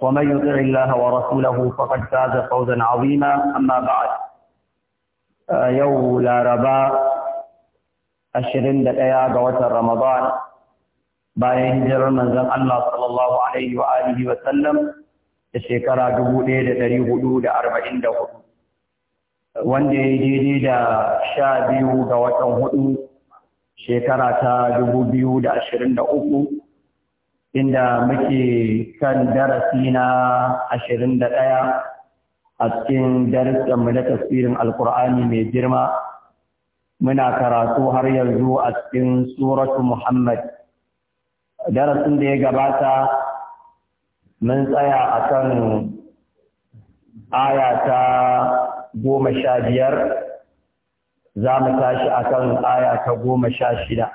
ومن يطع الله ورسوله فقد فاز فوزا عظيما أما بعد يو لا ربا أشرين دقيا قوة bayan hijirar manzon Allah sallallahu alaihi wa alihi wa sallam da shekara 1444 wanda ya daidai da sha biyu ga watan hudu shekara ta 2023 inda muke kan darasi na ashirin da ɗaya a cikin darussanmu na tafsirin alkur'ani mai girma muna karatu har yanzu a cikin suratu muhammad darasin da ya gabata mun tsaya a kan aya ta goma sha biyar za mu tashi a kan aya ta goma sha shida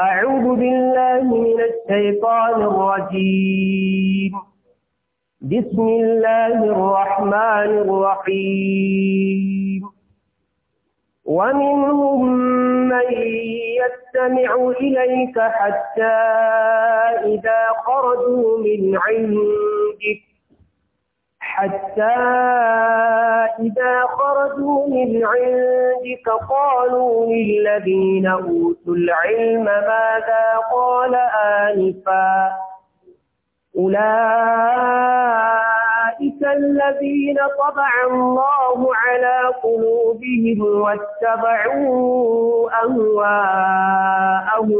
أعوذ بالله من الشيطان الرجيم بسم الله الرحمن الرحيم ومنهم من يستمع إليك حتى إذا خرجوا من عندك حتى إذا خرجوا من عندك قالوا للذين أوتوا العلم ماذا قال آنفا أولئك الذين طبع الله على قلوبهم واتبعوا أهواءهم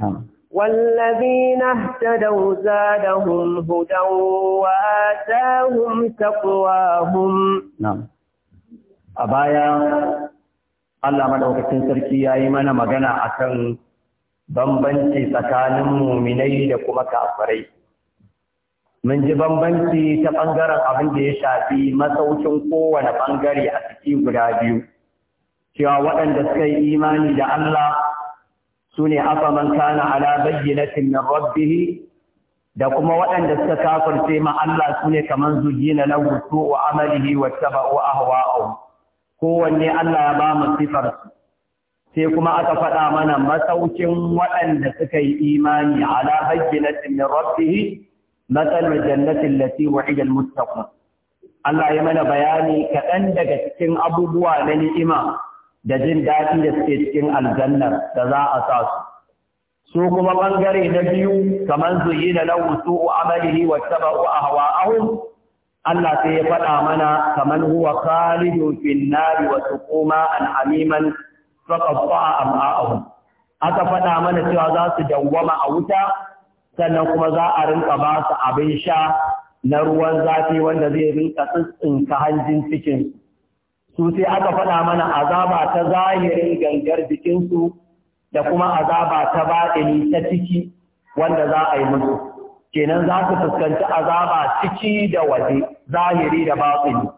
نعم. والذين اهتدوا زادهم هدى وآتاهم تقواهم نعم أبايا ya yi mana magana a kan bambanci tsakanin muminai da kuma kafirai mun ji bambanci ta ɓangaren abin da ya shafi masaukin kowane ɓangare a ciki guda biyu cewa waɗanda suka yi imani da Allah sune afa man kana ala bayyinatin min rabbih da kuma waɗanda suka kafirce ma Allah sune kaman zujina lahu su'u amalihi wattaba'u ahwa'ahu kowanne Allah ya ba mu sifar sai kuma aka faɗa mana masaukin waɗanda suka yi imani ala bayyinatin min rabbih matsalin jannatin lati wa'idal mustaqim Allah ya mana bayani kaɗan daga cikin abubuwa na ni'ima da jin daɗi da suke cikin aljannar da za a sa su su kuma ɓangare na biyu kamar da na su amalihi wa taba'u ahwa'ahum Allah sai ya faɗa mana kamar huwa khalidun fil nari wa tuquma an fa faqatta'a am'a'ahum aka faɗa mana cewa za su dawwama a wuta sannan kuma za a rinka ba su abin sha na ruwan zafi wanda zai rinka tsintsinka hanjin cikin su sai aka faɗa mana azaba ta zahirin gangar jikinsu da kuma azaba ta baɗini ta ciki wanda za a yi musu kenan za su fuskanci azaba ciki da waje zahiri da baɗini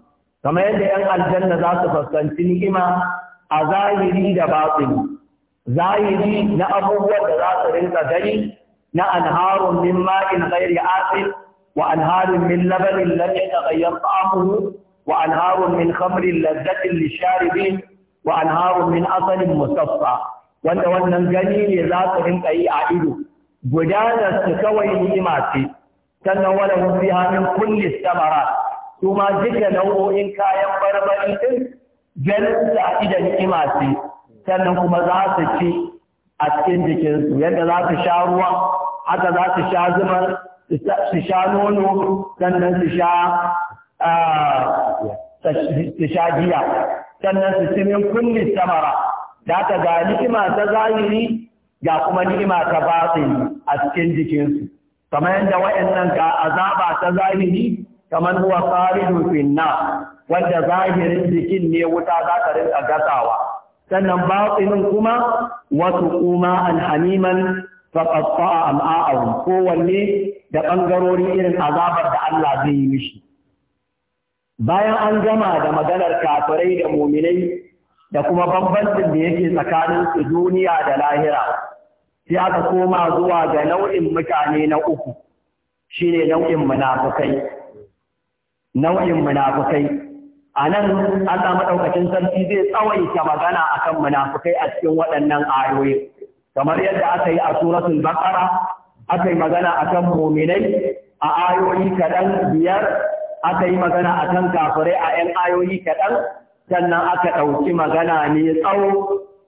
kamar yadda 'yan aljanna za su fuskanci ni'ima a zahiri da baɗini zahiri na abubuwan da za su rinka gani na anharun min ma'in ghairi asin wa anharun min labanin lam yataghayyar ta'amuhu وأنهار من خمر لذة للشاربين وأنهار من أصل مصفى wanda wannan gani ne za su rinka yi a ido gudanar su kawai ni'ima ce sannan wala hum fiha min kulli samara su ma duka nau'o'in kayan barbari din ganin su a idan ni'ima ce sannan kuma za su ci a cikin jikinsu yadda za su sha ruwa haka za su sha zuma su sha nono sannan su sha su sannan su cimin kulli samara da ta ga ni'ima ta zahiri ga kuma ni'ima ta batini a cikin jikinsu kamar yadda wa'annan ga azaba ta zahiri kamar huwa faridun finna wanda zahirin jikin ne wuta za ta rinka gasawa sannan batinin kuma wasu kuma alhamiman faƙaƙa am'a'ahu kowanne da ɓangarori irin azabar da Allah zai yi mishi bayan an gama da maganar kafirai da muminai da kuma bambancin da yake tsakanin su duniya da lahira sai aka koma zuwa ga nau'in mutane na uku shine nau'in munafukai nau'in munafukai a nan Allah ɗaukacin sarki zai tsawaita magana akan munafukai a cikin waɗannan ayoyi kamar yadda aka yi a suratul baqara aka yi magana akan muminai a ayoyi kaɗan biyar aka yi magana a kan kafirai a ‘yan ayoyi kaɗan, sannan aka ɗauki magana ne tsawo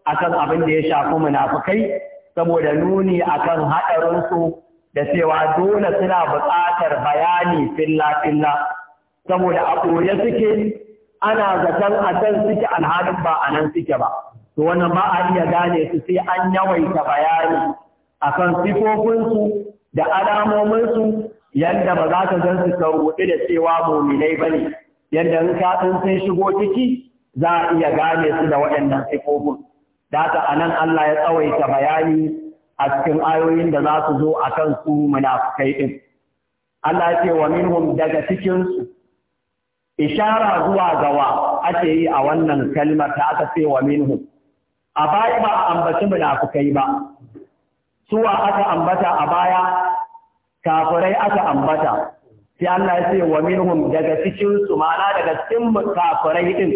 a kan abin da ya shafi munafukai, saboda nuni a kan haɗarinsu da cewa dole suna buƙatar bayani filla-filla, saboda a ɓoye suke ana zaton a can suke alhalin ba a nan suke ba. To wannan ba a iya gane su sai an yawaita bayani a kan sifofinsu da alamominsu yanda ba za ka zan su rubuɗi da cewa mominai ba ne, yadda in ka sun shigo ciki za a iya gane su da waɗannan sifofin. Data a nan Allah ya tsawaita bayani a cikin ayoyin da za su zo a kan su munafukai ɗin. Allah ya ce wa minhum daga cikinsu, ishara zuwa gawa ake yi a wannan kalmar ta aka ce wa minhum. A baya ba a ambaci munafukai ba, suwa aka ambata a baya kafirai aka ambata sai Allah ya ce wa minhum daga cikin su mana daga cikin kafirai din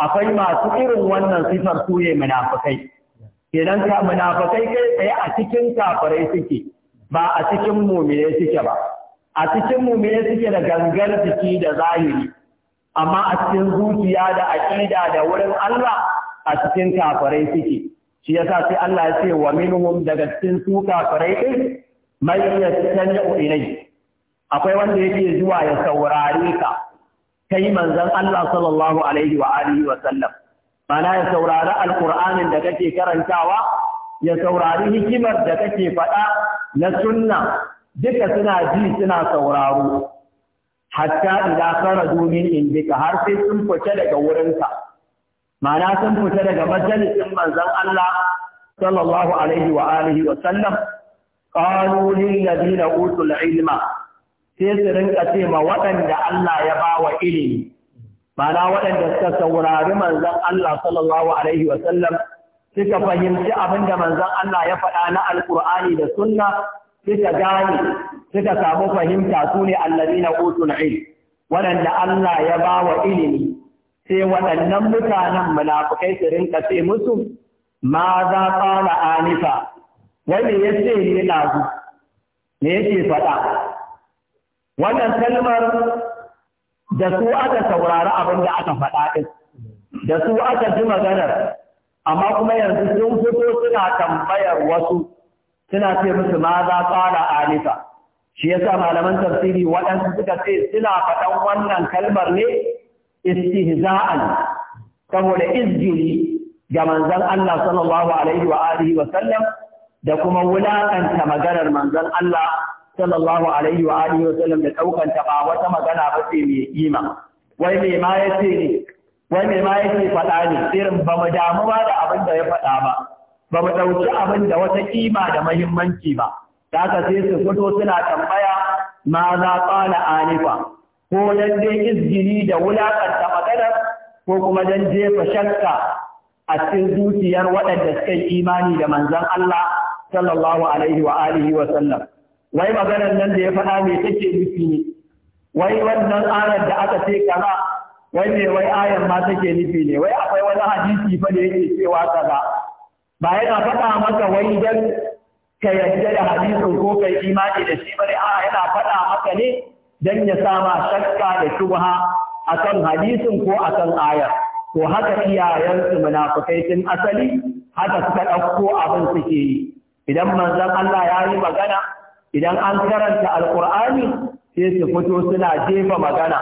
akwai masu irin wannan sifar su ne munafikai idan ka munafikai kai tsaye a cikin kafirai suke ba a cikin mu'mini suke ba a cikin mu'mini suke da gangar jiki da zahiri amma a cikin zuciya da aƙida da wurin Allah a cikin kafirai suke shi yasa sai Allah ya ce wa minhum daga cikin su kafirai din man yastami'u ilayk akwai wanda yake zuwa ya saurare ka kai manzon Allah sallallahu alaihi wa alihi wa sallam mana ya saurari alqur'anin da kake karantawa ya saurari hikimar da kake faɗa na sunna duka suna ji suna sauraro hatta idan kharaju in indika har sai sun fita daga wurinka mana sun fita daga majalisin manzon Allah sallallahu alaihi wa alihi wa sallam qalu lil ladina utul ilma sai su rinka ce ma waɗanda Allah ya ba wa ilimi mana waɗanda suka saurari manzon Allah sallallahu alaihi wa sallam suka fahimci abin da manzon Allah ya faɗa na Alƙur'ani da sunna suka gane suka samu fahimta su ne alladina utul ilm waɗanda Allah ya ba wa ilimi sai waɗannan mutanen munafukai su rinka ce musu ma za ƙala anifa wani ya ce ne zu ne yake faɗa wannan kalmar da su aka saurari abin da aka faɗa ɗin da su aka ji maganar amma kuma yanzu sun fito suna tambayar wasu suna ce musu ma za tsara alifa shi ya sa malaman tafsiri waɗansu suka ce suna faɗan wannan kalmar ne istihza'an saboda izgiri ga manzan Allah sallallahu alaihi wa alihi wa sallam da kuma wulaƙanta maganar manzon Allah sallallahu alaihi wa alihi wa sallam da ɗaukanta ba wata magana ba ce mai kima wai me ma yace ne wai mai ma yace faɗa ne irin ba mu damu ba da abin da ya faɗa ba ba mu ɗauki abin da wata kima da muhimmanci ba da haka sai su fito suna tambaya ma za ƙala anifa ko dan dai izgini da wulaƙanta maganar ko kuma dan jefa shakka a cikin zuciyar waɗanda suka yi imani da manzon Allah sallallahu alaihi wa alihi wa sallam wai maganar nan da ya faɗa me take nufi ne wai wannan ayar da aka ce kaza wai me wai ayar ma take nufi ne wai akwai wani hadisi fa da yake cewa kaza ba yana faɗa maka wai dan ka yarda da hadisin ko kai imani da shi bane a yana faɗa maka ne dan ya sama shakka da shubha akan hadisin ko akan ayar Ko haka iyayensu munafukai tun asali haka suka ɗauko abin suke yi idan manzon Allah ya yi magana idan an karanta alkur'ani sai su fito suna jefa magana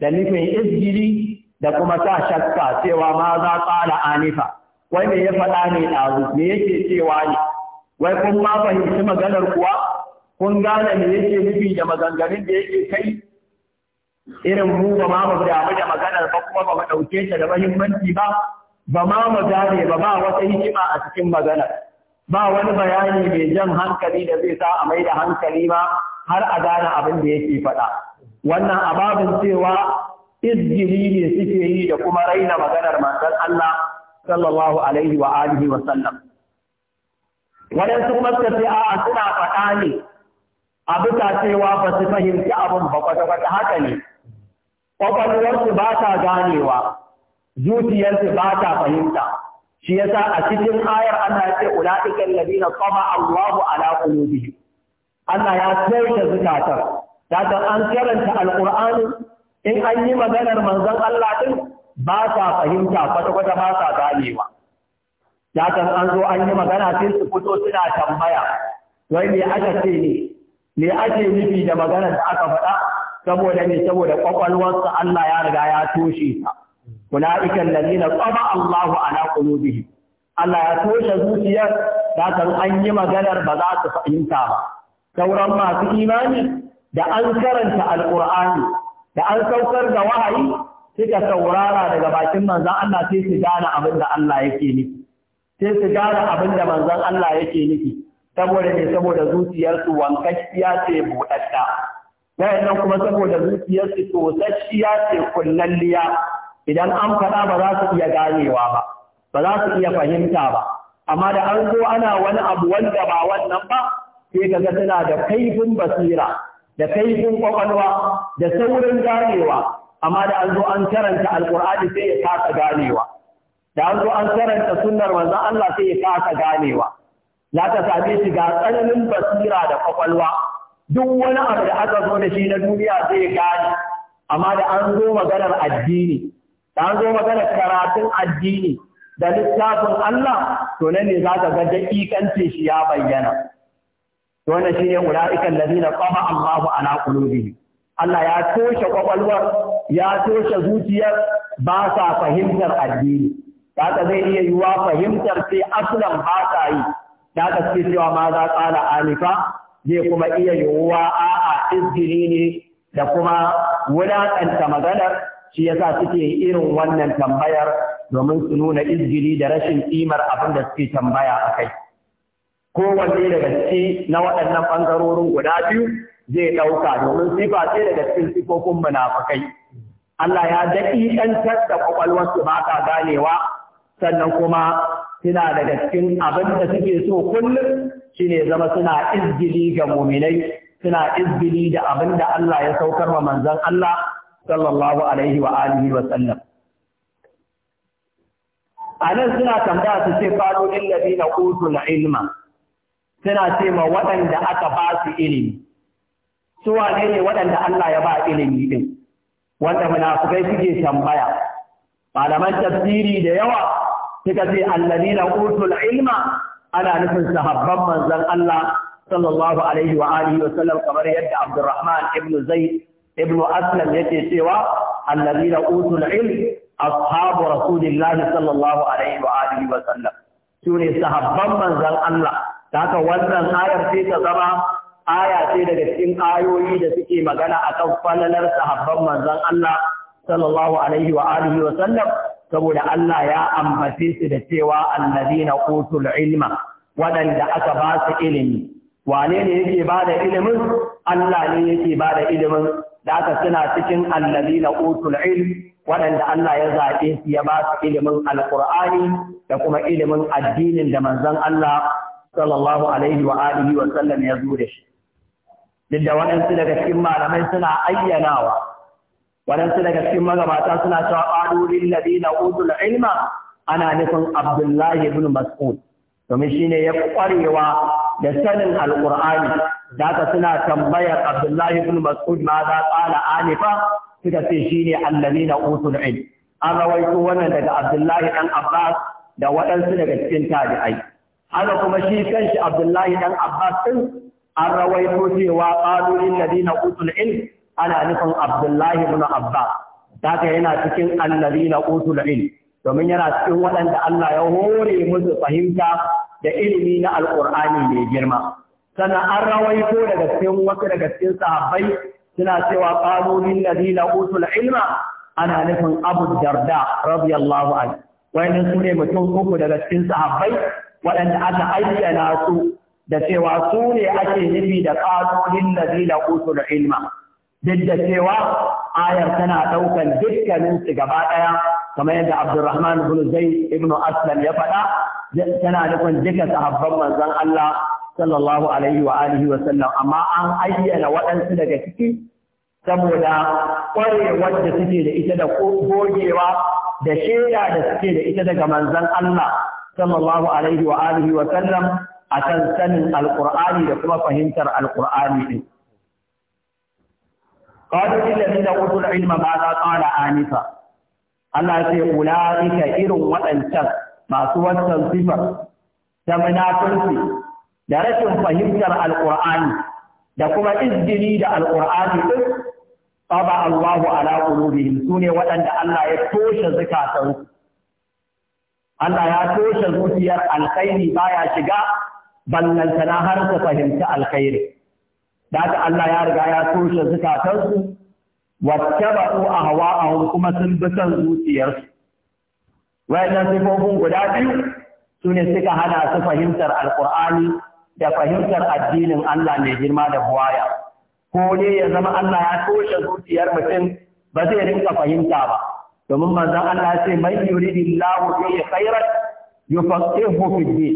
da nufin izgili da kuma sa shakka cewa ma za ƙala anifa wai me ya faɗa ne ɗazu me yake cewa ne wai kun ma fahimci maganar kuwa kun gane me yake nufi da maganganun da yake kai irin mu ba ma mu damu da maganar ba kuma ba mu ɗauke ta da muhimmanci ba ba ma mu gane ba ba wata hikima a cikin maganar ba wani bayani mai jan hankali da zai sa a mai da hankali ba har a gane abin da yake faɗa wannan ababin cewa izgiri ne suke yi da kuma raina maganar matan Allah sallallahu alaihi wa alihi wa sallam waɗansu kuma suka ce a'a suna faɗa ne a bisa cewa ba su fahimci abin ba kwata-kwata haka ne ƙwaƙwalwarsu ba ta ganewa zuciyarsu ba ta fahimta shi yasa a cikin ayar ana ce ulaiikal ladina qama Allahu ala qulubihi Allah ya tsaye zukatar ta an karanta alqur'ani in an yi maganar manzon Allah din ba sa fahimta kwata-kwata ba sa ganewa Da kan an zo an yi magana sai su fito suna tambaya wai me aka ce ne me ake nufi da maganar da aka faɗa saboda ne saboda kwakwalwarsa Allah ya riga ya toshe ta ula'ikan lalina tsaba Allahu ala qulubihim Allah ya toshe zuciyar da kan an yi maganar ba za su fahimta ba sauran masu imani da an karanta alqur'ani da an saukar da wahayi suka saurara daga bakin manzon Allah sai su gane abin da Allah yake nufi sai su gane abin da manzon Allah yake nufi saboda ne saboda zuciyarsu wankakkiya ce buɗaɗɗa wayannan kuma saboda zuciyarsu tosasshiya ce kullalliya idan an faɗa ba za su iya ganewa ba ba za su iya fahimta ba amma da an zo ana wani abu wanda ba wannan ba sai ka ga tana da kaifin basira da kaifin ƙwaƙwalwa, da saurin ganewa amma da an zo an karanta alkur'ani sai ya kasa ganewa da an zo an karanta sunnar wanzan Allah sai ya kasa ganewa za ka same shi ga tsananin basira da ƙwaƙwalwa. duk wani abu da aka zo da shi na duniya sai ya gane amma da an zo maganar addini da an zo magana karatun addini da littafin Allah to nan ne za ka ga daƙiƙancin shi ya bayyana to wannan shine ulaiikal ladina qama Allahu ala qulubihi Allah ya toshe kwakwalwar ya toshe zuciyar ba sa fahimtar addini ta zai iya yiwa fahimtar sai aslan ba ta yi da ta ce cewa ma za tsala alifa zai kuma iya yiwuwa a'a izgili ne da kuma wulaƙanta maganar shi yasa suke irin wannan tambayar domin su nuna izgiri da rashin kimar abin da suke tambaya a kai kowanne daga ciki na waɗannan ɓangarorin guda biyu zai ɗauka domin sifa ce daga cikin sifofin munafukai Allah ya daƙiƙantar da ƙwaƙwalwarsu ba ta ganewa sannan kuma suna daga cikin abin da suke so kullum shine zama suna izgili ga muminai suna izgili da abin da Allah ya saukar wa manzon Allah sallallahu alaihi wa alihi wa sallam anan suna tambaya su ce faru lil ladina utul ilma suna ce ma waɗanda aka ba su ilimi su wane ne waɗanda Allah ya ba ilimi din wanda munafikai suke tambaya malaman tafsiri da yawa suka ce alladina utul ilma ana nufin sahabban manzon Allah sallallahu alaihi wa alihi wa sallam kamar yadda Abdurrahman ibn Zaid Ibnu aslam yake cewa allazina utul ilm ashabu rasulillah sallallahu alaihi wa alihi wa sallam sune sahabban manzon Allah haka wannan ayar sai ta zama aya ce daga cikin ayoyi da suke magana akan falalar sahabban manzon Allah sallallahu alaihi wa alihi wa sallam saboda Allah ya ambace su da cewa allazina utul ilma waɗanda aka ba su ilimi wane ne yake ba da ilimin Allah ne yake ba da ilimin da aka suna cikin allazi na utul ilm waɗanda Allah ya zaɓe su ya ba su ilimin alƙur'ani da kuma ilimin addinin da manzon Allah sallallahu alaihi wa alihi wa sallam ya zo da shi duk da waɗansu daga cikin malamai suna ayyanawa waɗansu daga cikin magabata suna cewa ƙalulin na utul ilma ana nufin Abdullahi ibn Mas'ud domin shine ya ƙwarewa da sanin alqur'ani da haka suna tambayar abdullahi ibn mas'ud ma za qala anifa suka ce shine na utul ilm an rawaito wannan daga abdullahi ɗan abbas da waɗansu daga cikin tabi'ai haka kuma shi kanshi abdullahi ɗan abbas din an rawaito cewa qalu lil ladina utul ilm ana nufin abdullahi ibn abbas ka yana cikin na utul ilm domin yana cikin waɗanda Allah ya hore musu fahimta da ilimi na alƙur'ani mai girma Sana'ar an rawaito daga cikin wasu daga cikin sahabbai suna cewa qalulin ladina utul ilma ana nufin Abu Darda radiyallahu anhu wayannan sune mutum uku daga cikin sahabbai waɗanda aka ayyana su da cewa su ne ake nufi da qalulin ladina utul ilma duk da cewa ayar tana ɗaukan dukkanin su gaba ɗaya kamar yadda Abdulrahman ibn Zaid ibn Aslam ya faɗa tana nufin duka sahabban manzon Allah sallallahu alaihi wa alihi wa sallam amma an ayyana waɗansu daga ciki saboda ƙwarewar da suke da ita da gogewa da shaida da suke da ita daga manzon Allah sallallahu alaihi wa alihi wa sallam akan sanin Alƙur'ani da kuma fahimtar Alƙur'ani. alqur'ani din قالوا للذين اوتوا العلم ماذا قال انفا Allah ce ula'ika irin waɗancan masu wancan sifar ta munafurci da rashin fahimtar alƙur'ani da kuma izgini da alƙur'ani ɗin tsaba Allahu ala qulubihim sune waɗanda Allah ya toshe zakatansu Allah ya toshe zuciyar alkhairi baya shiga ballantana har su fahimci alkhairi da Allah ya riga ya toshe zakatansu wattaba'u ahwa'ahum kuma sun bi son zuciyarsu wayannan sifofin guda biyu sune suka hana su fahimtar alqur'ani da fahimtar addinin Allah mai girma da buwaya ko ne ya zama Allah ya toshe zuciyar mutum ba zai rinka fahimta ba domin manzon Allah ya ce man yuridillahu bihi khairan yufaqihu fid din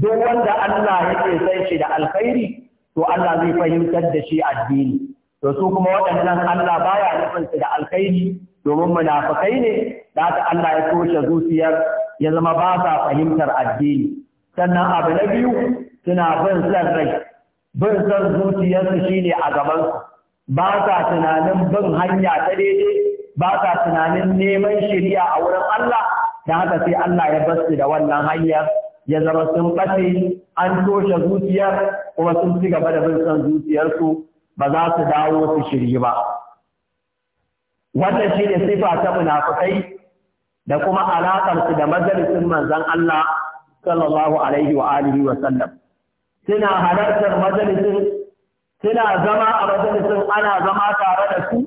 duk wanda Allah yake sai shi da alkhairi to Allah zai fahimtar da shi addini to su kuma waɗannan Allah baya nufinsu da alkhairi domin munafikai ne da ta Allah ya toshe zuciyar ya zama ba sa fahimtar addini sannan abu na biyu suna bin san rai bin san zuciyarsu shine a gaban su ba sa tunanin bin hanya ta daidai ba sa tunanin neman shari'a a wurin Allah da haka sai Allah ya bar su da wannan hanyar ya zama sun ɓace an toshe zuciyar kuma sun ci gaba da bin san zuciyarsu ba za su dawo su shirye ba wannan shi ne sifa ta munafukai da kuma alaƙarsu da majalisin manzan Allah sallallahu alaihi wa alihi wa sallam suna halartar majalisin suna zama a majalisin ana zama tare da su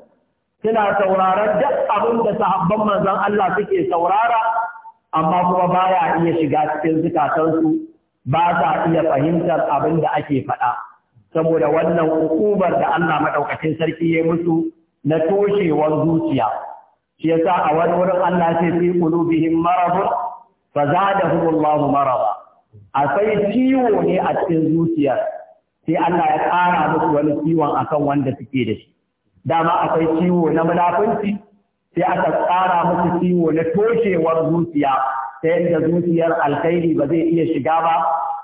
suna sauraron duk abin da sahabban manzan Allah suke saurara amma kuma baya iya shiga cikin zukatansu ba sa iya fahimtar abin da ake faɗa. saboda wannan hukumar da Allah maɗaukacin sarki ya musu na toshewar zuciya shi yasa a wani wurin Allah sai fi qulubihim marad fa zadahum Allah akwai ciwo ne a cikin zuciyar sai Allah ya ƙara musu wani ciwon akan wanda suke da shi dama akwai ciwo na munafunci sai aka ƙara musu ciwo na toshewar zuciya ta yadda zuciyar alkhairi ba zai iya shiga ba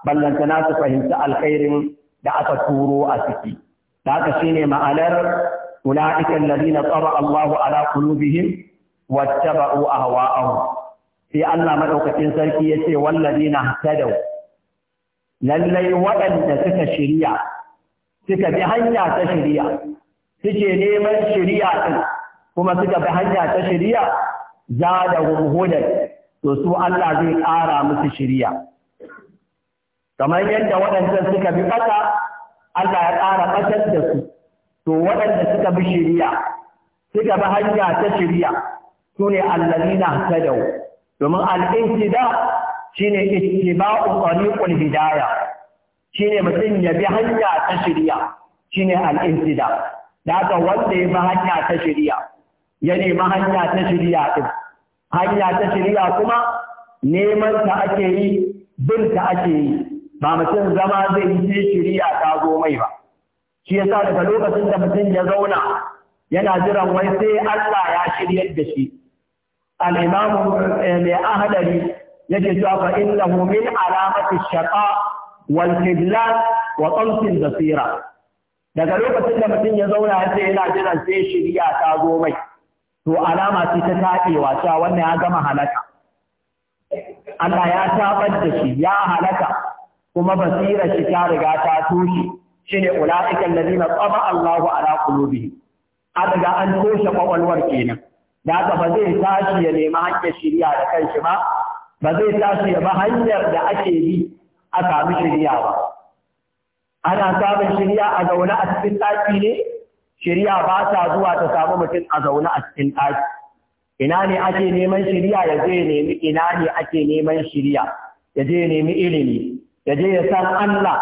ballantana su fahimci alkhairin da aka turo a ciki da aka shine ma'anar ulaika alladhina tara Allahu ala wacce qulubihim wattaba'u ahwa'ahum sai Allah maɗaukacin sarki ya ce yace walladhina hadau lallai waɗanda suka shirya suka bi hanya ta shirya suke neman shirya din kuma suka bi hanya ta shirya da hudan to su Allah zai ƙara musu shirya kamar yadda waɗancan suka bi ɓata Allah ya ƙara ɓatar da su to waɗanda suka bi shiriya suka bi hanya ta shiriya su ne allazina tadau domin al-ihtida shine ittiba'u tariqul hidaya shine mutum ya bi hanya ta shiriya shine al-ihtida da haka wanda ya bi hanya ta shiriya ya nemi hanya ta shiriya din hanya ta shiriya kuma neman ta ake yi bin ta ake yi ba mutum zama zai yi sai shiriya ta mai ba shi yasa daga lokacin da mutum ya zauna yana jiran wai sai Allah ya shiryar da shi al-imamu eh, mai ahadari yake cewa fa innahu min alamati shaqa wal khidlan wa basira daga lokacin da mutum ya zauna ya yana jiran sai shiriya ta zo mai to alama ce ta taɗewa cewa wannan ya gama halaka Allah ya tabar da shi ya halaka kuma basira shi ta riga ta toshe shine ulaika allazina tsaba Allahu ala qulubihim a riga an toshe kwakwalwar kenan da haka ba zai tashi ya nemi hanyar shirya da kanshi ba ba zai tashi ya ba hanyar da ake bi a samu shirya ba ana samun shirya a zaune a cikin ɗaki ne shirya ba ta zuwa ta samu mutum a zaune a cikin ɗaki ina ne ake neman shirya ya zai nemi ina ne ake neman shirya ya je nemi ilimi ya je ya san Allah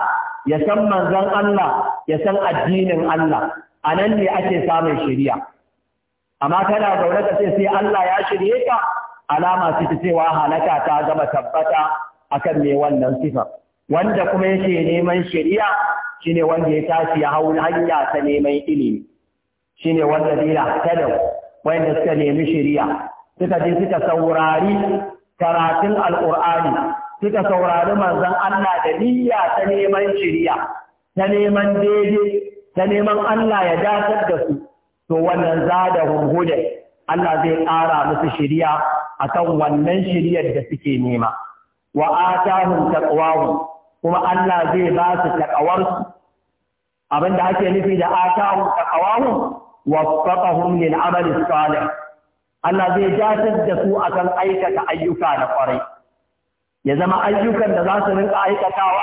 ya san manzon Allah ya san addinin Allah a nan ne ake samun shari'a amma kana zaune ka ce sai Allah ya shirye ka alama ce ta cewa halaka ta gama tabbata akan mai wannan sifa wanda kuma yake neman shari'a shine wanda ya tashi ya hau hanya ta neman ilimi ne wanda dila tada wanda suka nemi shari'a suka je suka saurari karatun alqur'ani suka saurari manzon Allah da niyya ta neman shiriya ta neman daidai ta neman Allah ya datar da su to wannan zada huda Allah zai ƙara musu shiriya akan wannan shiriyar da suke nema wa atahum taqwahum kuma Allah zai ba su taqawarsu abinda ake nufi da atahum Wa waffaqahum lil amali salih Allah zai jatar da su akan aikata ayyuka na ƙwarai ya zama ayyukan da za su rinka aikatawa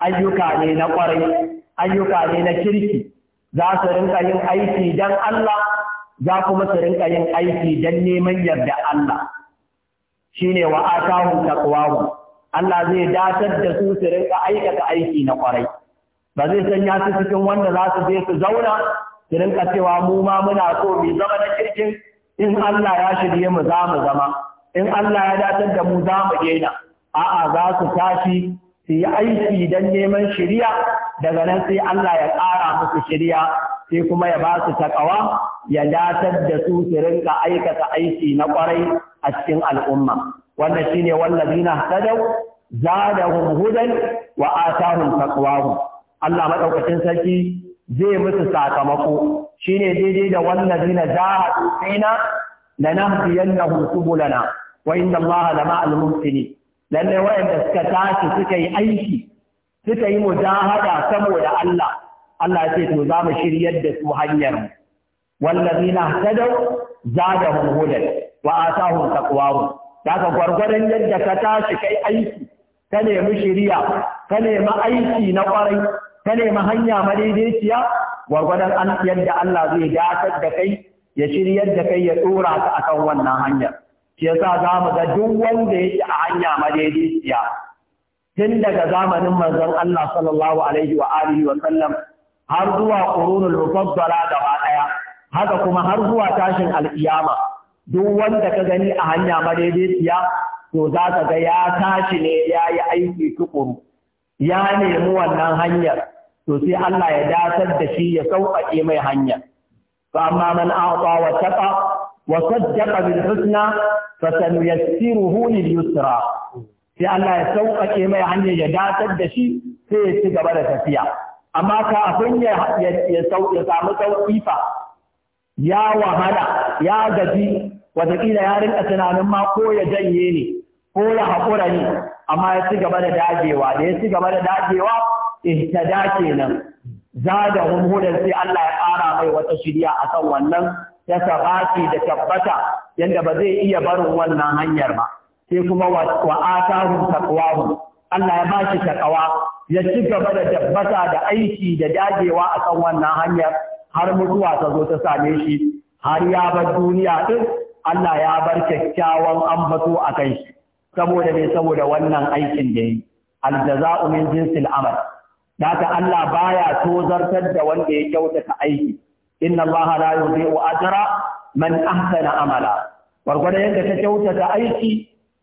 ayyuka ne na ƙwarai ayyuka ne na kirki za su rinka yin aiki don Allah za kuma su rinka yin aiki don neman yarda Allah shine wa atahum mu. Allah zai datar da su su rinka aikata aiki na ƙwarai ba zai sanya su cikin wanda za su je su zauna su rinka cewa mu ma muna so mu zama na kirkin in Allah ya shirye mu za mu zama in Allah ya datar da mu za mu daina a'a za su tashi su yi aiki don neman shiriya daga nan sai Allah ya ƙara musu shiriya sai kuma ya ba su takawa ya datar da su su rinka aikata aiki na ƙwarai a cikin al'umma wannan shine wallazina tadaw zadahum hudan wa atahum taqwahum Allah madaukakin sarki zai musu sakamako shine daidai da wallazina zahadu fina lanahdi yanahum subulana wa inna Allah lama al-muhsinin lalle wayanda suka tashi suka yi aiki suka yi mujahada saboda Allah Allah ya ce to za mu shiryar da su hanyar wallazina tadaw zadahum hudan wa atahum taqwahum daga gwargwaron yadda ka tashi kai aiki ka nemi shiriya ka nemi aiki na kwarai ka nemi hanya madaidaiciya gwargwadon an yadda Allah zai dakatar da kai ya shiryar da kai ya dora ka akan wannan hanyar shi yasa za mu ga duk wanda yake a hanya madaidaiciya tun daga zamanin manzon Allah sallallahu alaihi wa alihi wa sallam har zuwa qurunul mufaddala gaba daya haka kuma har zuwa tashin alkiyama duk wanda ka gani a hanya madaidaiciya to za ka ga ya tashi ne ya yi aiki tukuru ya nemi wannan hanyar to sai Allah ya dasar da shi ya sauƙaƙe mai hanyar fa amma man a'ta wa taqa wa saddaqa bil husna fa sanuyassiruhu yusra sai Allah ya sauƙaƙe mai hanyar ya datar da shi sai ya ci gaba da tafiya amma kafin ya ya samu sauƙi fa ya wahala ya gaji wataƙila ya rinka tunanin ma ko ya janye ne ko ya haƙura ne amma ya ci gaba da dagewa da ya ci gaba da dagewa ihtada kenan zaga humhudan sai Allah ya ƙara mai wata shirya akan wannan ya sabaki da tabbata yanda ba zai iya barin wannan hanyar ba sai kuma wa atahum Allah ya bashi takawa ya ci gaba da tabbata da aiki da dagewa a kan wannan hanyar har mutuwa ta zo ta same shi har ya bar duniya din Allah ya bar kyakkyawan ambato a kai shi saboda ne saboda wannan aikin da yi aljaza'u min jinsil amal daga Allah baya tozartar da wanda ya kyautata aiki inna allaha la yudhi'u ajra man ahsana amala gwargwadon yadda ta kyautata aiki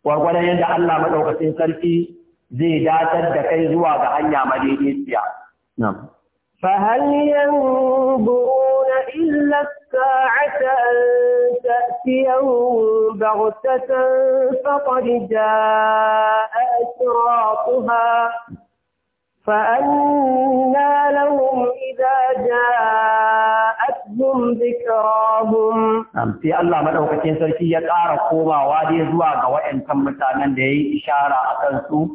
gwargwadon yadda Allah madaukakin sarki zai datar da kai zuwa ga hanya madaidaiciya na'am fa hal yanzuruna illa الساعة أن تأتيهم بغتة فقد جاء أشراطها فأنا لهم إذا جاءتهم ya في الله ما لو كتين سرسي يتعار قوما وادي زوا قوائن كمتانا دي إشارة أتنسو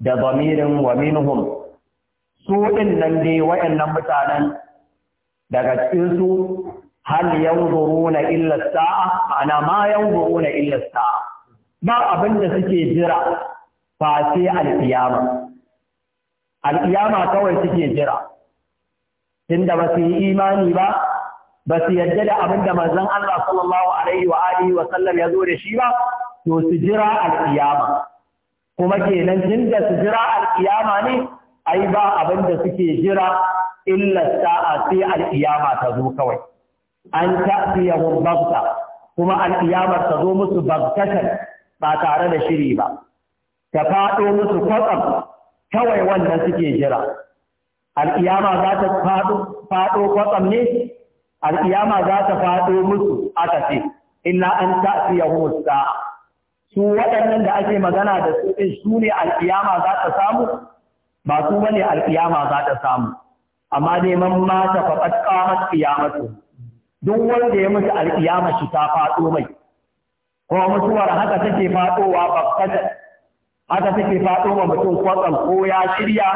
دضمير ومنهم su ɗin nan dai wa'annan mutanen daga cikinsu hal yau zuru na illasta ana ma yau zuru illasta ba abin da suke jira fa sai alfiyama al'iyama kawai suke jira tunda ba su yi imani ba ba su yadda da abin da manzon Allah sallallahu alaihi wa alihi wa sallam ya zo da shi ba to su jira al'iyama kuma kenan da su jira al'iyama ne ai ba abin da suke jira illasta a sai al'iyama ta zo kawai an ta'tiyahum bagta kuma al'iyamar ta zo musu bagtatan ba tare da shiri ba ta faɗo musu kwatsam kawai wannan suke jira al'iyama za ta faɗo kwatsam ne al'iyama za ta faɗo musu aka ce ina an ta'fi yahum su waɗannan da ake magana da su ɗin su ne al'iyama za ta samu ba su bane al'iyama za ta samu amma neman ta faɓat ƙamar ƙiyamatu duk wanda ya mutu al'iyama shi ta faɗo mai ko mutuwar haka take faɗowa babbata haka take faɗo ma mutum kwatsam ko ya shirya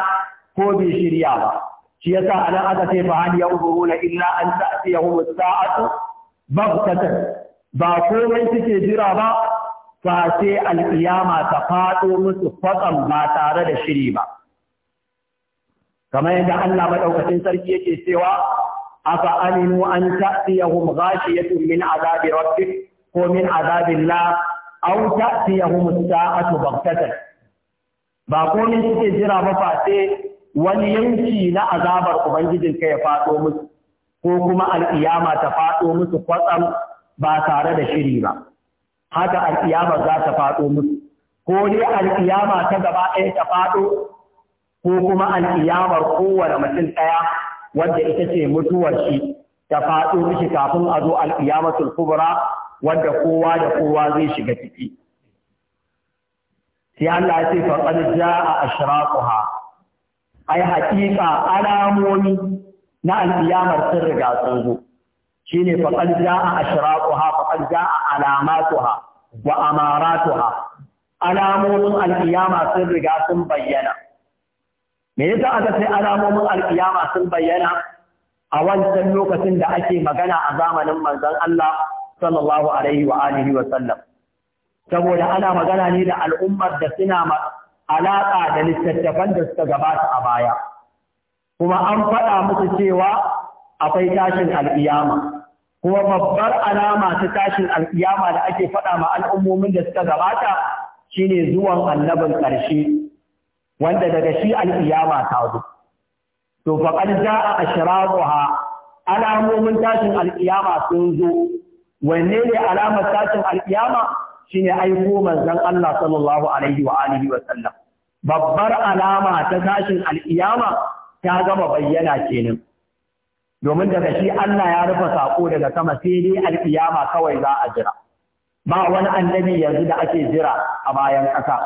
ko bai shirya ba shi yasa anan aka ce fa hal yanzuruna illa an ta'tiyahum as-sa'atu baghtatan ba komai suke jira ba fa sai al-qiyama ta faɗo musu kwatsam ba tare da shiri ba kamar yadda Allah madaukakin sarki yake cewa afa aminu an ta'tiyahum ghashiyatun min azabi rabbik ko min azabillah aw ta'tiyahum as-sa'atu baghtatan ba komai suke jira ba fa sai wani yanki na azabar ubangijin ka ya fado musu ko kuma al'iyama ta fado musu kwatsam ba tare da shiri ba haka al'iyama za ta fado musu ko dai al'iyama ta gaba ɗaya ta fado ko kuma al'iyamar kowane mutum ɗaya wanda ita ce mutuwar shi ta faɗo mishi kafin a zo al'iyamatul kubra wanda kowa da kowa zai shiga ciki sai Allah ya ce faqad jaa ashraquha ai haƙiƙa alamomi na alƙiyamar sun riga sun zo shine faɗar jaa ashraquha faqad jaa alamatuha wa amaratuha alamomin alƙiyama sun riga sun bayyana me yasa aka ce alamomin alƙiyama sun bayyana a wancan lokacin da ake magana a zamanin manzon Allah sallallahu alaihi wa alihi wa sallam saboda ana magana ne da al'ummar da suna alaƙa da littattafan da suka gabata a baya kuma an faɗa musu cewa akwai tashin al'iyama kuma babbar alama ta tashin al'iyama da ake faɗa ma al'ummomin da suka gabata shine zuwan annabin ƙarshe wanda daga shi al'iyama ta zo to faƙar za a alamomin tashin al'iyama sun zo wanne ne alamar tashin alkiyama shine aiko manzon Allah sallallahu alaihi wa alihi wa sallam babbar alama ta tashin alkiyama ta gama bayyana kenan domin daga shi Allah ya rufe sako daga sama sai dai al'iyama kawai za a jira ba wani annabi yanzu da ake jira a bayan ƙasa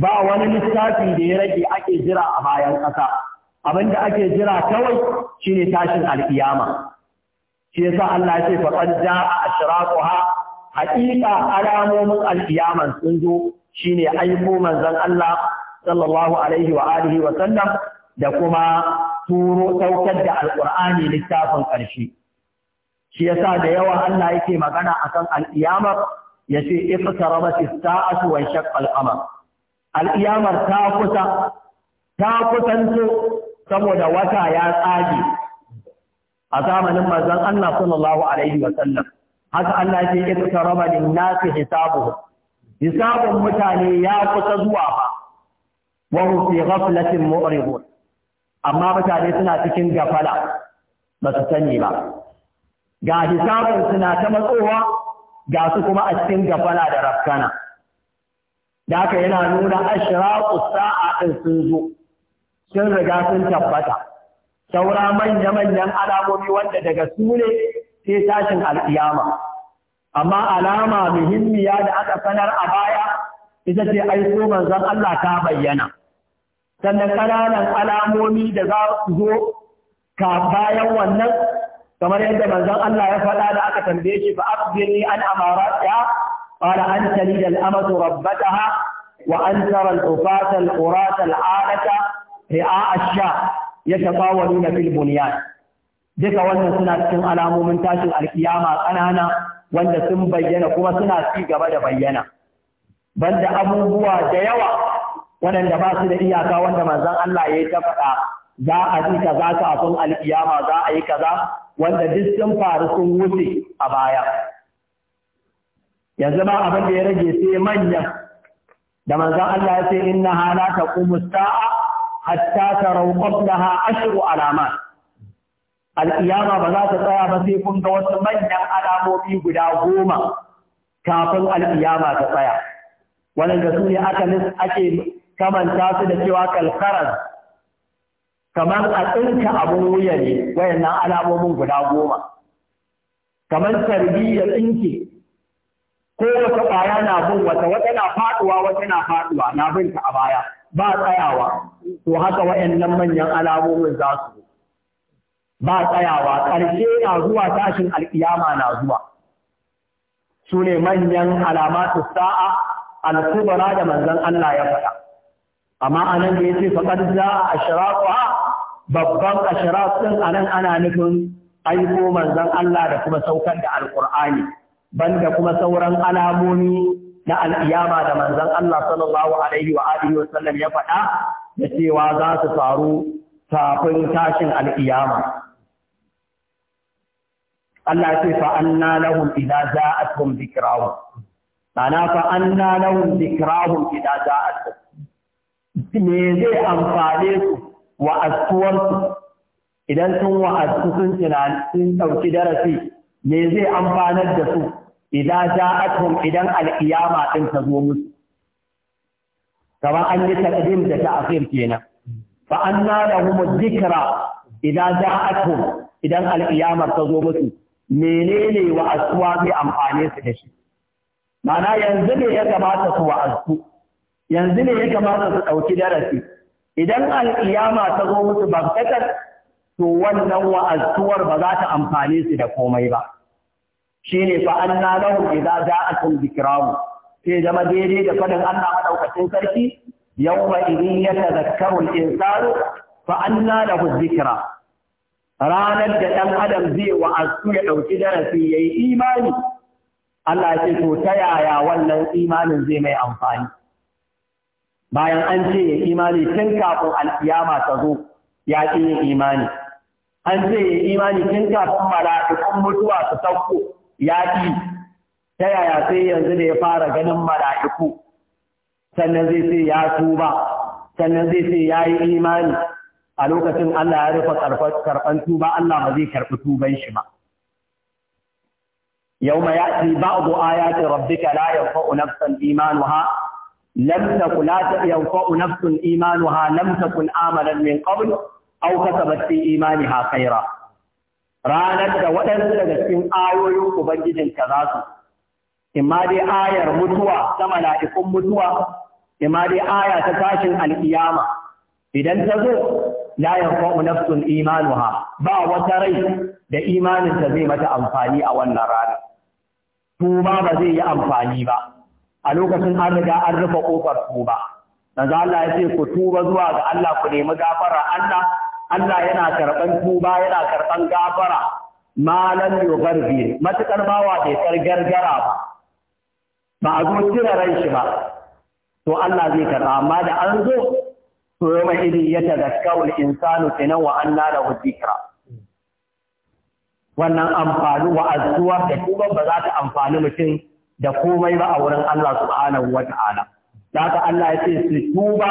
ba wani lissafi da ya rage ake jira a bayan ƙasa abin da ake jira kawai shine tashin alkiyama ya sa Allah ya ce fa qad jaa ashraquha haqiqa alamomin alkiyaman sun zo shine aiko manzon Allah sallallahu alaihi wa alihi wa sallam da kuma turo saukar da alƙur'ani littafin ƙarshe shi yasa da yawa Allah yake magana akan alkiyamar Ya ce as-sa'atu wa shaqqa al-qamar alkiyamar ta kusa ta kusanto saboda wata ya tsage a zamanin mazan Allah sallallahu alaihi wasallam, haka Allah ya ce iqtaraba na nasi hisabu. hisabun mutane ya kusa zuwa fa Wani fi ghaflatin mu'ridun amma mutane suna cikin gafala ba su sani ba ga hisabun suna ta matsowa ga su kuma a cikin gafala da rafkana da haka yana nuna ashraqus sa'a ɗin sun zo sun riga sun tabbata saura manya-manyan alamomi wanda daga su ne sai tashin al'iyama. Amma alama muhimmiya da aka sanar a baya ita ce aiko manzon Allah ta bayyana. Sannan ƙananan alamomi da za su zo ka bayan wannan kamar yadda manzon Allah ya faɗa da aka tambaye shi fa akhbirni an amaratiha qala an talid al amatu rabbataha wa an tara al ufata al al ri'a ash ya taɓawalu na fil duka wannan suna cikin alamomin tashin alkiyama ƙanana wanda sun bayyana kuma suna ci gaba da bayyana banda abubuwa da yawa waɗanda ba su da iyaka wanda manzon Allah ya yi ta faɗa za a ji kaza kafin alkiyama za a yi kaza wanda duk sun faru sun wuce a baya yanzu ma abin da ya rage sai manyan da manzon Allah ya ce inna hala taqumu sa'a hatta tarau ha ashru alama, al'iyama ba za ta tsaya ba sai kun ga wasu manyan alamomi guda goma kafin al'iyama ta tsaya waɗanda su ne aka ake kamanta su da cewa kalkarar kamar a tsinka abin wuya ne wayannan alamomin guda goma kamar ya tsinke ko wata ƙwaya na bin wata wata na faɗuwa wata na faɗuwa na bin ta a baya ba tsayawa to haka waɗannan manyan alamomin za su ba tsayawa ƙarshe na zuwa tashin alƙiyama na zuwa su ne manyan alamatu sa'a al da manzon Allah ya faɗa amma anan da yace faɗar da ashraqa babban ashraq din anan ana nufin aiko manzon Allah da kuma saukar da alqur'ani banda kuma sauran alamomi na al'iyama da manzon Allah sallallahu alaihi wa alihi wa sallam ya faɗa da cewa za su faru kafin tashin al'iyama Allah ce fa anna lahum idza ja'atkum dhikrahum ana fa anna lahum dhikrahum idza ja'atkum me zai amfane su wa asuwarsu idan sun wa sun tunani sun dauki darasi me zai amfanar da su idan ja'atun idan alƙiyama ɗin ta zo musu kamar an yi takdim da ta'khir kenan fa anna lahum dhikra idan ja'atun idan alƙiyama ta zo musu menene wa aswa bi amfani su da shi Mana yanzu ne ya gabata su wa'azu yanzu ne ya gabata su dauki darasi idan alƙiyama ta zo musu bakkatar to wannan wa'azuwar ba za ta amfani su da komai ba Shi shine fa na lahu idza ja'akum dhikrahu sai zama daidai da fadin Allah madaukakin sarki yawma idin yatadhakkaru al-insanu fa na lahu dhikra ranar da dan adam zai wa asu ya ɗauki darasi yayi imani Allah ya ce to ta yaya wannan imanin zai mai amfani bayan an ce ya imani tun kafin alkiyama ta zo ya ce imani an ce ya imani tun kafin mala'ikun mutuwa su sauko Yaƙi ta yaya sai yanzu ne ya fara ganin mala'iku sannan zai sai ya tuba sannan zai sai ya yi imani a lokacin Allah ya rufe karɓar tuba Allah ba zai karɓi tuban shi ba. يوم يأتي بعض آيات ربك لا ينفع نفسا إيمانها لم تكن لا ينفع نفس إيمانها لم تكن آمنا من قبل أو كسبت imani ha خيرا ranar da waɗansu daga cikin ayoyin Ubangijinka za su, imma dai ayar mutuwa ta mala'ikun mutuwa, imma dai aya ta tashin al'iyama, idan ta zo, layan fa'u nafsun imanuha ba wata rai da imaninta zai mata amfani a wannan rana. Tuba ba zai yi amfani ba, a lokacin an riga an rufe ƙofar tuba. Manzo Allah ya ce ku tuba zuwa ga Allah ku nemi gafara Allah Allah yana karɓan tuba yana karɓan gafara malam yogar biyu matuƙar bawa bai tsar gargara ba ba a zo cire ran shi ba to Allah zai karɓa amma da an zo to yau mai iri ya kawul insanu kenan wa an da ka. wannan amfani wa azuwa da tuban ba za ta amfani mutum da komai ba a wurin Allah subhanahu wa ta'ala da Allah ya ce su tuba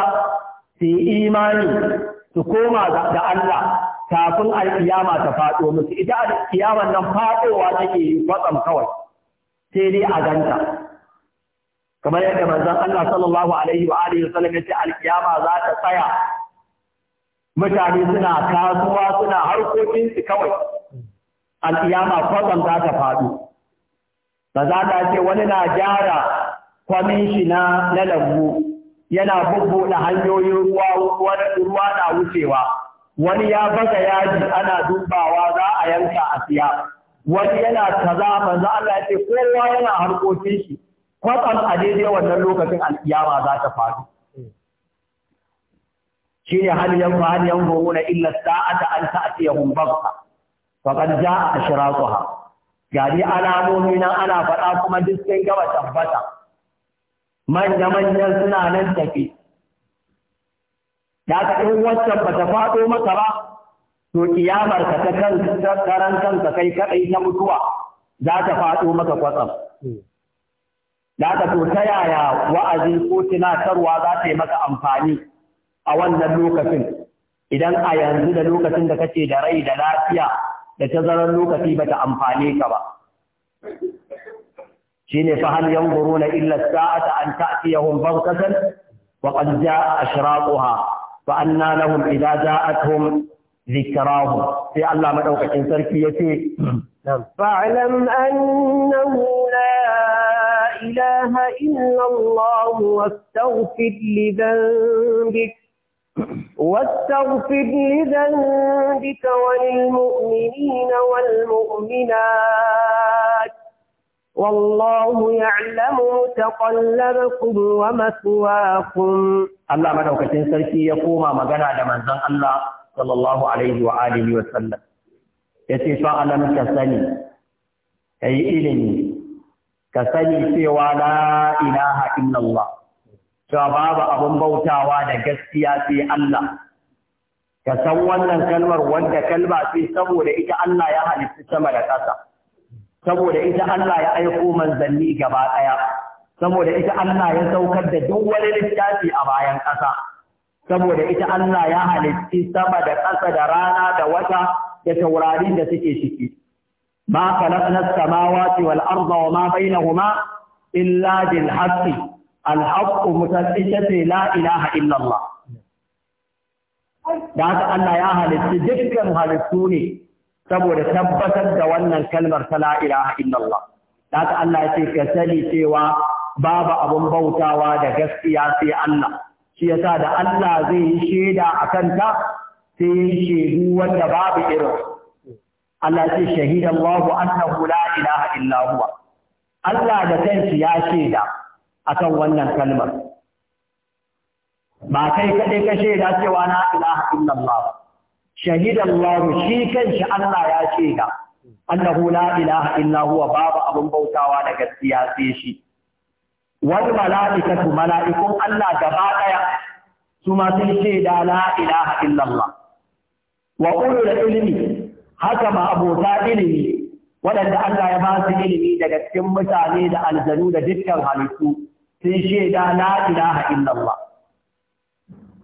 su imani su koma da Allah kafin alkiyama ta faɗo musu ita alkiyaman nan faɗowa take yi kwatsam kawai sai dai a ganta kamar yadda manzon Allah sallallahu alaihi wa alihi wasallam ya ce alkiyama za ta tsaya mutane suna kasuwa suna harkokin su kawai alkiyama kwatsam za ta faɗo ba za ta ce wani na gyara kwamin shi na lambu yana bubbuɗe hanyoyin ruwa ruwa na wucewa wani ya baga yaji ana dubawa za a yanka a siya wani yana kaza manzo Allah ya ce kowa yana harkokin shi kwatsam a daidai wannan lokacin alkiyama za ta faru shine hal yanfa hal yanzuruna illa sa'ata an ta'tiyahum fa faqad jaa ashraquha gari alamomi nan ana faɗa kuma duk sun gaba tabbata manya-manyan suna nan tafi da ka ɗin wancan ba ta faɗo maka ba to kiyamar ka ta kan kanka kai kaɗai na mutuwa za ta faɗo maka kwatsam da ka to ta yaya wa'azi ko tunatarwa za ta yi maka amfani a wannan lokacin idan a yanzu da lokacin da kake da rai da lafiya da tazarar lokaci ba ta amfane ka ba شيني فهل ينظرون إلا الساعة أن تأتيهم بغتة وقد جاء أشراقها فأنا لهم إذا جاءتهم ذكراهم في الله مدوقة تركية نعم. فاعلم أنه لا إله إلا الله واستغفر لذنبك واستغفر لذنبك وللمؤمنين والمؤمنات والله يعلم متقلبكم ومثواكم الله مدوكتين سركي يقوم مغنى لمن زن الله صلى الله عليه وآله وسلم yace fa alam ka sani ilimi ka sani cewa la ilaha illallah cewa babu abun bautawa da gaskiya sai Allah ka san wannan kalmar wanda kalma sai saboda ita Allah ya halitta sama da ƙasa saboda ita Allah ya aiko manzanni gaba ɗaya saboda ita Allah ya saukar da duk wani littafi a bayan ƙasa saboda ita Allah ya halitti sama da ƙasa da rana da wata da taurarin da suke ciki ma khalaqna as-samawati wal arda wa ma bainahuma illa bil haqqi al haqqu mutasaddisatu la ilaha illa Allah da haka Allah ya halitti dukkan halittu ne saboda tabbatar da wannan kalmar tana la ilaha illallah haka Allah ya ce ka sani cewa babu abun bautawa da gaskiya sai Allah shi yasa da Allah zai yi shaida a kanta sai yi shaidu wanda babu irin Allah ce shahida Allahu annahu la ilaha illa Allah da kanshi ya shaida akan wannan kalmar ba kai kaɗai ka shaida cewa la ilaha illallah shahidan Allah shi kanshi Allah ya ce da annahu la ilaha babu abun bautawa da gaskiya sai shi wal malaikatu malaikun Allah gaba daya su ma sun ce da la ilaha illa Allah wa ulul ilmi haka ma abota ilimi waɗanda Allah ya ba su ilimi daga cikin mutane da aljanu da dukkan halittu sun shaida la ilaha illa Allah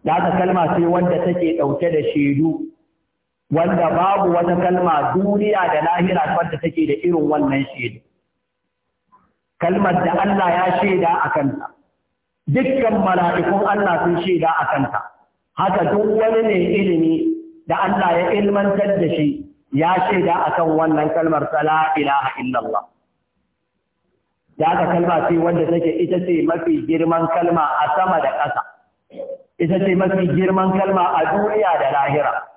da aka kalma sai wanda take ɗauke da shaidu wanda babu wata kalma duniya da lahira wadda take da irin wannan shaida kalmar da Allah ya shaida a kanta dukkan mala'ikun Allah sun shaida a kanta haka duk wani ne ilimi da Allah ya ilmantar da shi ya shaida akan wannan kalmar la ilaha illallah da aka kalma ce wanda take ita ce mafi girman kalma a sama da ƙasa ita ce mafi girman kalma a duniya da lahira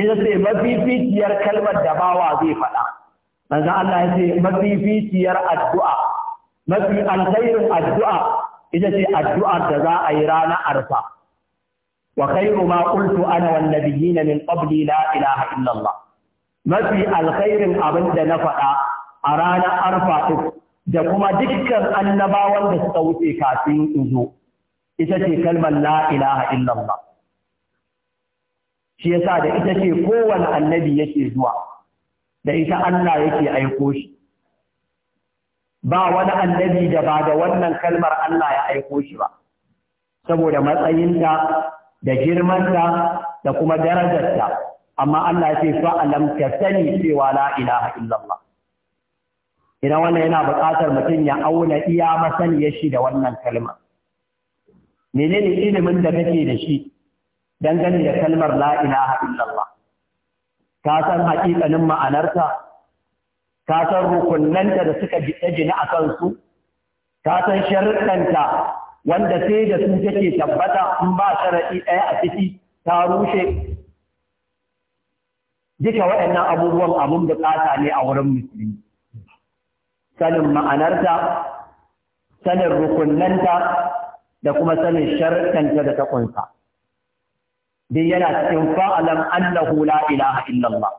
ita ce mafificiyar kalmar da bawa zai faɗa manzon Allah ya ce mafificiyar addu'a mafi alkhairin addu'a ita ce addu'ar da za a yi rana arfa wa khairu ma qultu ana wan nabiyyin min qabli la ilaha illallah. mafi alkhairin abin da na faɗa a ranar arfa duk da kuma dukkan annabawan da suka wuce kafin in zo ita ce kalmar la ilaha illallah. shi yasa da ita ce kowane annabi yake zuwa da ita Allah yake aiko shi ba wani annabi da ba da wannan kalmar Allah ya aiko shi ba saboda matsayinta da girmanta da kuma darajarta amma Allah ce fa alam ka sani cewa la ilaha illallah idan wannan yana buƙatar mutum ya auna iya masaniyar shi da wannan kalmar menene ilimin da kake da shi dangane da kalmar la ilaha illallah ka san haƙiƙanin ma'anarta ka san rukunnanta da suka jini a kansu ka san sharuɗanta wanda sai da su take tabbata in ba sharaɗi ɗaya a ciki ta rushe duka waɗannan abubuwan abun bukata ne a wurin musulmi sanin ma'anarta sanin rukunnanta da kuma sanin sharuɗanta da ta ƙunsa yana cikin fa'alam annahu la ilaha illallah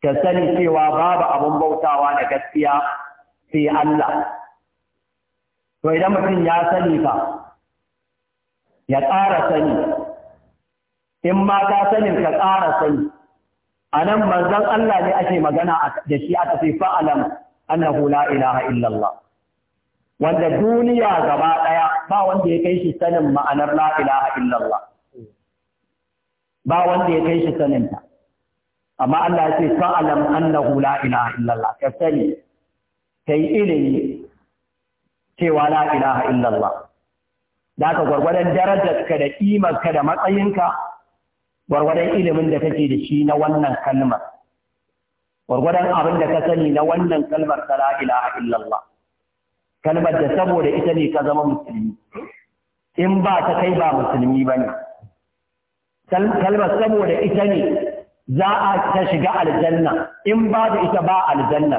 ta sani cewa babu abin bautawa da gaskiya sai Allah to idan mutum ya sani fa ya ƙara sani in ma ka sanin ka ƙara sani a nan manzon Allah ne ake magana da shi aka fi fa'alam annahu la ilaha illallah wanda duniya gaba ɗaya ba wanda ya kai shi sanin ma'anar la ilaha illallah ba wanda ya kai shi saninta amma Allah ya ce fa'alam annahu la ilaha illallah ka sani yi ilimi cewa la ilaha illallah da ka gwargwadon darajarka da imarka da matsayinka gwargwadon ilimin da kake da shi na wannan kalmar gwargwadon abin da ka sani na wannan kalmar ta la ilaha illallah kalmar da saboda ita ne ka zama musulmi in ba ta kai ba musulmi ba ne kalmar saboda ita ne za a ta shiga aljanna in babu ita ba aljanna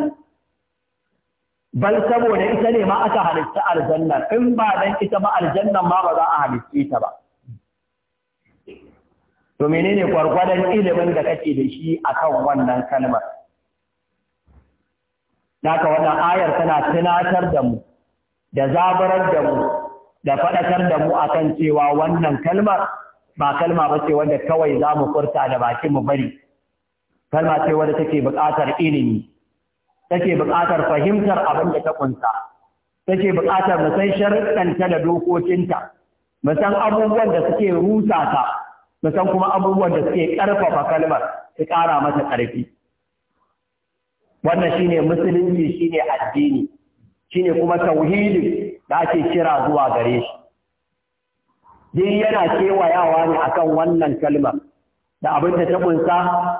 bal saboda ita ne ma aka halitta aljanna in ba dan ita ba aljanna ma ba za a halitta ta ba to menene gwargwadon ilimin da kake da shi akan wannan kalmar Naka wannan ayar tana tunatar da mu da zabarar da mu da faɗakar da mu akan cewa wannan kalmar ba kalma ba ce wanda kawai za mu furta da bakin mu bari kalma ce wanda take buƙatar ilimi take buƙatar fahimtar abin da ta kunsa take buƙatar mu san sharuɗanta da dokokinta mu san abubuwan da suke rusa ta mu san kuma abubuwan da suke ƙarfafa kalmar su ƙara mata ƙarfi wannan shine musulunci shine addini shine kuma tauhidi da ake kira zuwa gare shi din yana kewayawa ne akan wannan kalmar da abin da ta kunsa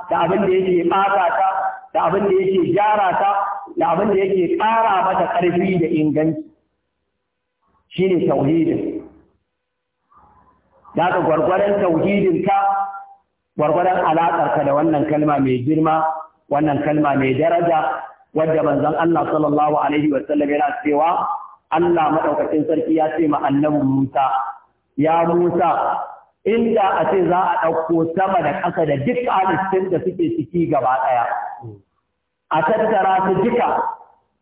da abin da yake ɓata ta da abin da yake gyara ta da abin da yake ƙara mata ƙarfi da inganci shine tauhidin ka gwargwaron tauhidin ka gwargwaron alaƙarka ka da wannan kalma mai girma wannan kalma mai daraja wadda manzon Allah sallallahu alaihi wa sallam yana cewa Allah madaukakin sarki ya ce ma annabi Musa ya Musa inda a ce za a ɗauko sama da ƙasa da duk halittun da suke ciki gaba ɗaya a tattara su duka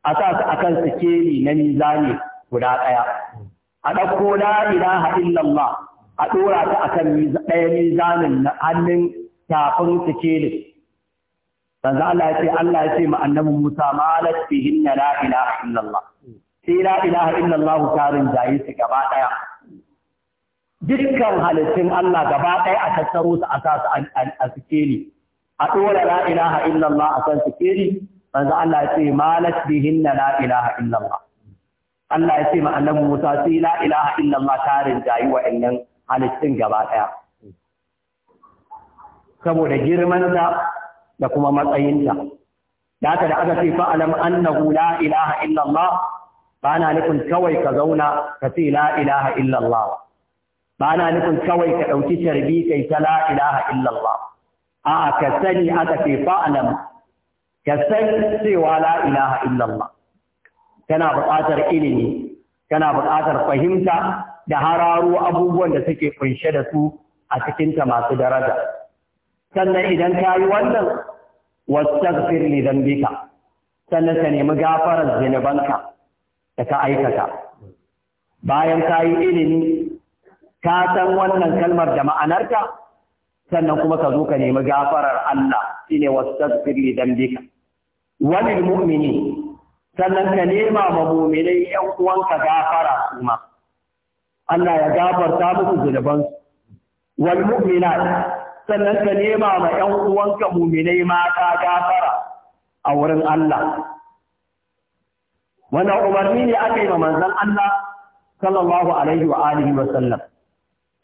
a sa su akan sikeli na mizani guda ɗaya a ɗauko la ilaha illallah a ɗora ta kan ɗaya mizanin na hannun tafin sikelin sanzu Allah ya ce Allah ya ce ma annabin Musa ina bihinna la ilaha illallah sai la ilaha illallah tarin jayi su gaba ɗaya dukkan halittun Allah gaba ɗaya a tattaro su a sasu a sikeli a ɗora la ilaha illallah a san sikeli manzo Allah ya ce malat bihinna la ilaha illallah Allah ya ce ma annabi Musa sai la ilaha illallah tarin jayi wa'annan halittun gaba ɗaya saboda girmanta da kuma matsayinta da haka da aka ce fa'alam annahu la ilaha illallah ba na nufin kawai ka zauna ka ce la ilaha illallah ba na nufin kawai ka ɗauki sharbi kai ta la ilaha illallah a ka sani aka ce fa'alam ka san cewa la ilaha illallah kana buƙatar ilimi kana buƙatar fahimta da hararo abubuwan da suke kunshe da su a cikinta masu daraja sannan idan ka yi wannan wastaghfir li dhanbika sannan ka nemi gafarar zinubanka da ka aikata bayan ka yi ilimi ka san wannan kalmar da ma'anarta sannan kuma ka zo ka nemi gafarar Allah shine wastaghfir li dambika walil mu'mini sannan ka nema ma mu'minai ƴan uwanka gafara kuma Allah ya gafarta muku zunubansu wal mu'minat sannan ka nema ma ƴan uwanka mu'minai mata gafara a wurin Allah wannan umarni ne aka yi ma manzon Allah sallallahu alaihi wa alihi wa sallam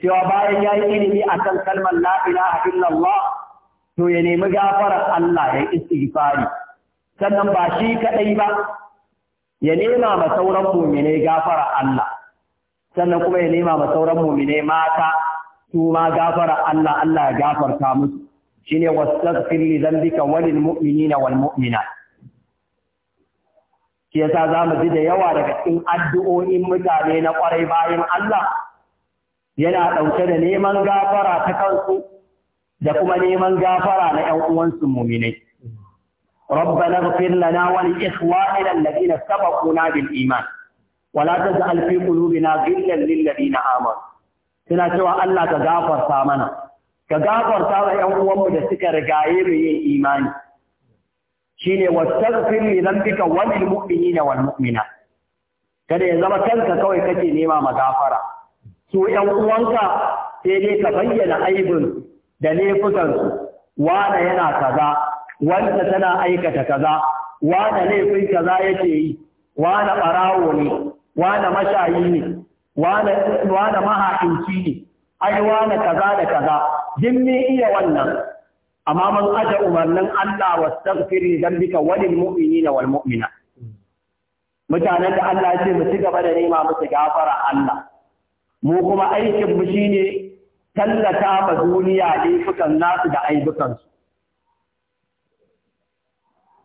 cewa bayan ya yi ilimi a kan kalmar la ilaha illallah to ya nemi gafarar Allah ya istighfari sannan ba shi kaɗai ba ya nema ma sauran mumine gafarar Allah sannan kuma ya nema ma sauran mumine mata su ma gafarar Allah Allah ya gafarta musu shine wastaghfir li dhanbika mu'mini na wal mumina shi yasa zamu ji da yawa daga cikin addu'o'in mutane na kwarai bayan Allah yana ɗauke da neman gafara ta kansu da kuma neman gafara na ‘yan uwansu muminai. ربنا اغفر لنا ولإخواننا الذين سبقونا بالإيمان ولا تجعل في قلوبنا غلا للذين آمنوا suna cewa Allah ka gafarta mana ka gafarta wa ‘yan uwanmu da suka rigaye mu yin imani shi ne wattaghfir li dhanbika wa lil mu'minina wal mu'minat kada ya zama kanka kawai kake nema magafara su ‘yan uwanka sai dai ka bayyana aibin da laifukansu, wane yana kaza, wanda tana aikata kaza, wane laifin kaza yake yi, wane ɓarawo ne, wane mashayi ne, wane mahaɗinci ne, ai wane kaza da kaza, jin iya wannan, amma man aje umarnin Allah wa tafsiri dan bika walil mu'mini na wal mu'mina. Mutanen da Allah ce mu ci gaba da nema musu gafara Allah, mu kuma aikin mu ne tallata ma duniya laifukan nasu da aibukansu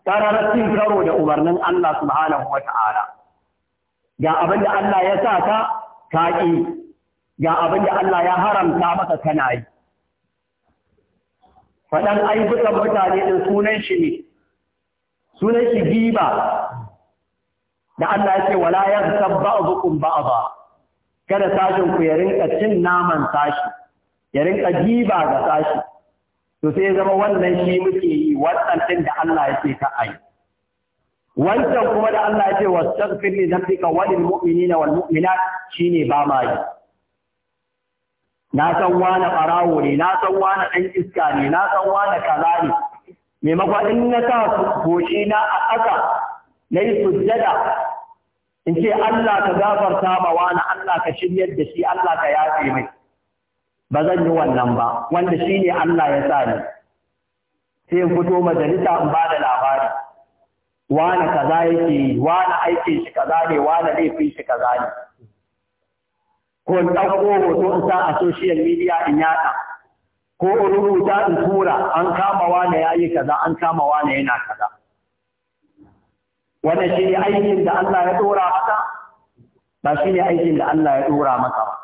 tararar cin karo da umarnin Allah subhanahu wa ta'ala ga abin da Allah ya sa ka kaƙi ga abin da Allah ya haramta maka kana yi faɗan aibukan mutane ɗin sunan shi ne sunan shi giba da Allah ya ce wala ya sabba ba'dukum ba. kada sashin ku ya rinka cin naman sashi ya rinka jiba ga sashi to sai zama wannan shi muke yi wannan din da Allah ya ce ka ai wancan kuma da Allah ya ce wastaghfir li dhanbika wa lil mu'minina wal mu'minat shine ba ma yi na san wani ɓarawo ne na san wani ɗan iska ne na san wani kaza ne maimakon in na sa goshi na a ƙasa na yi sujjada in ce Allah ka gafarta ma wani Allah ka shiryar da shi Allah ka yafe mai ba zan yi wannan ba wanda shi ne Allah ya sa ni sai in fito majalisa in ba da labari wani kaza yake yi wani aiki shi kaza ne wani laifin shi kaza ne ko in ɗauko hoto in sa a social media in yaɗa ko in rubuta in tura an kama wani ya yi kaza an kama wani yana kaza wannan shi ne aikin da Allah ya ɗora maka ba shi ne aikin da Allah ya ɗora maka ba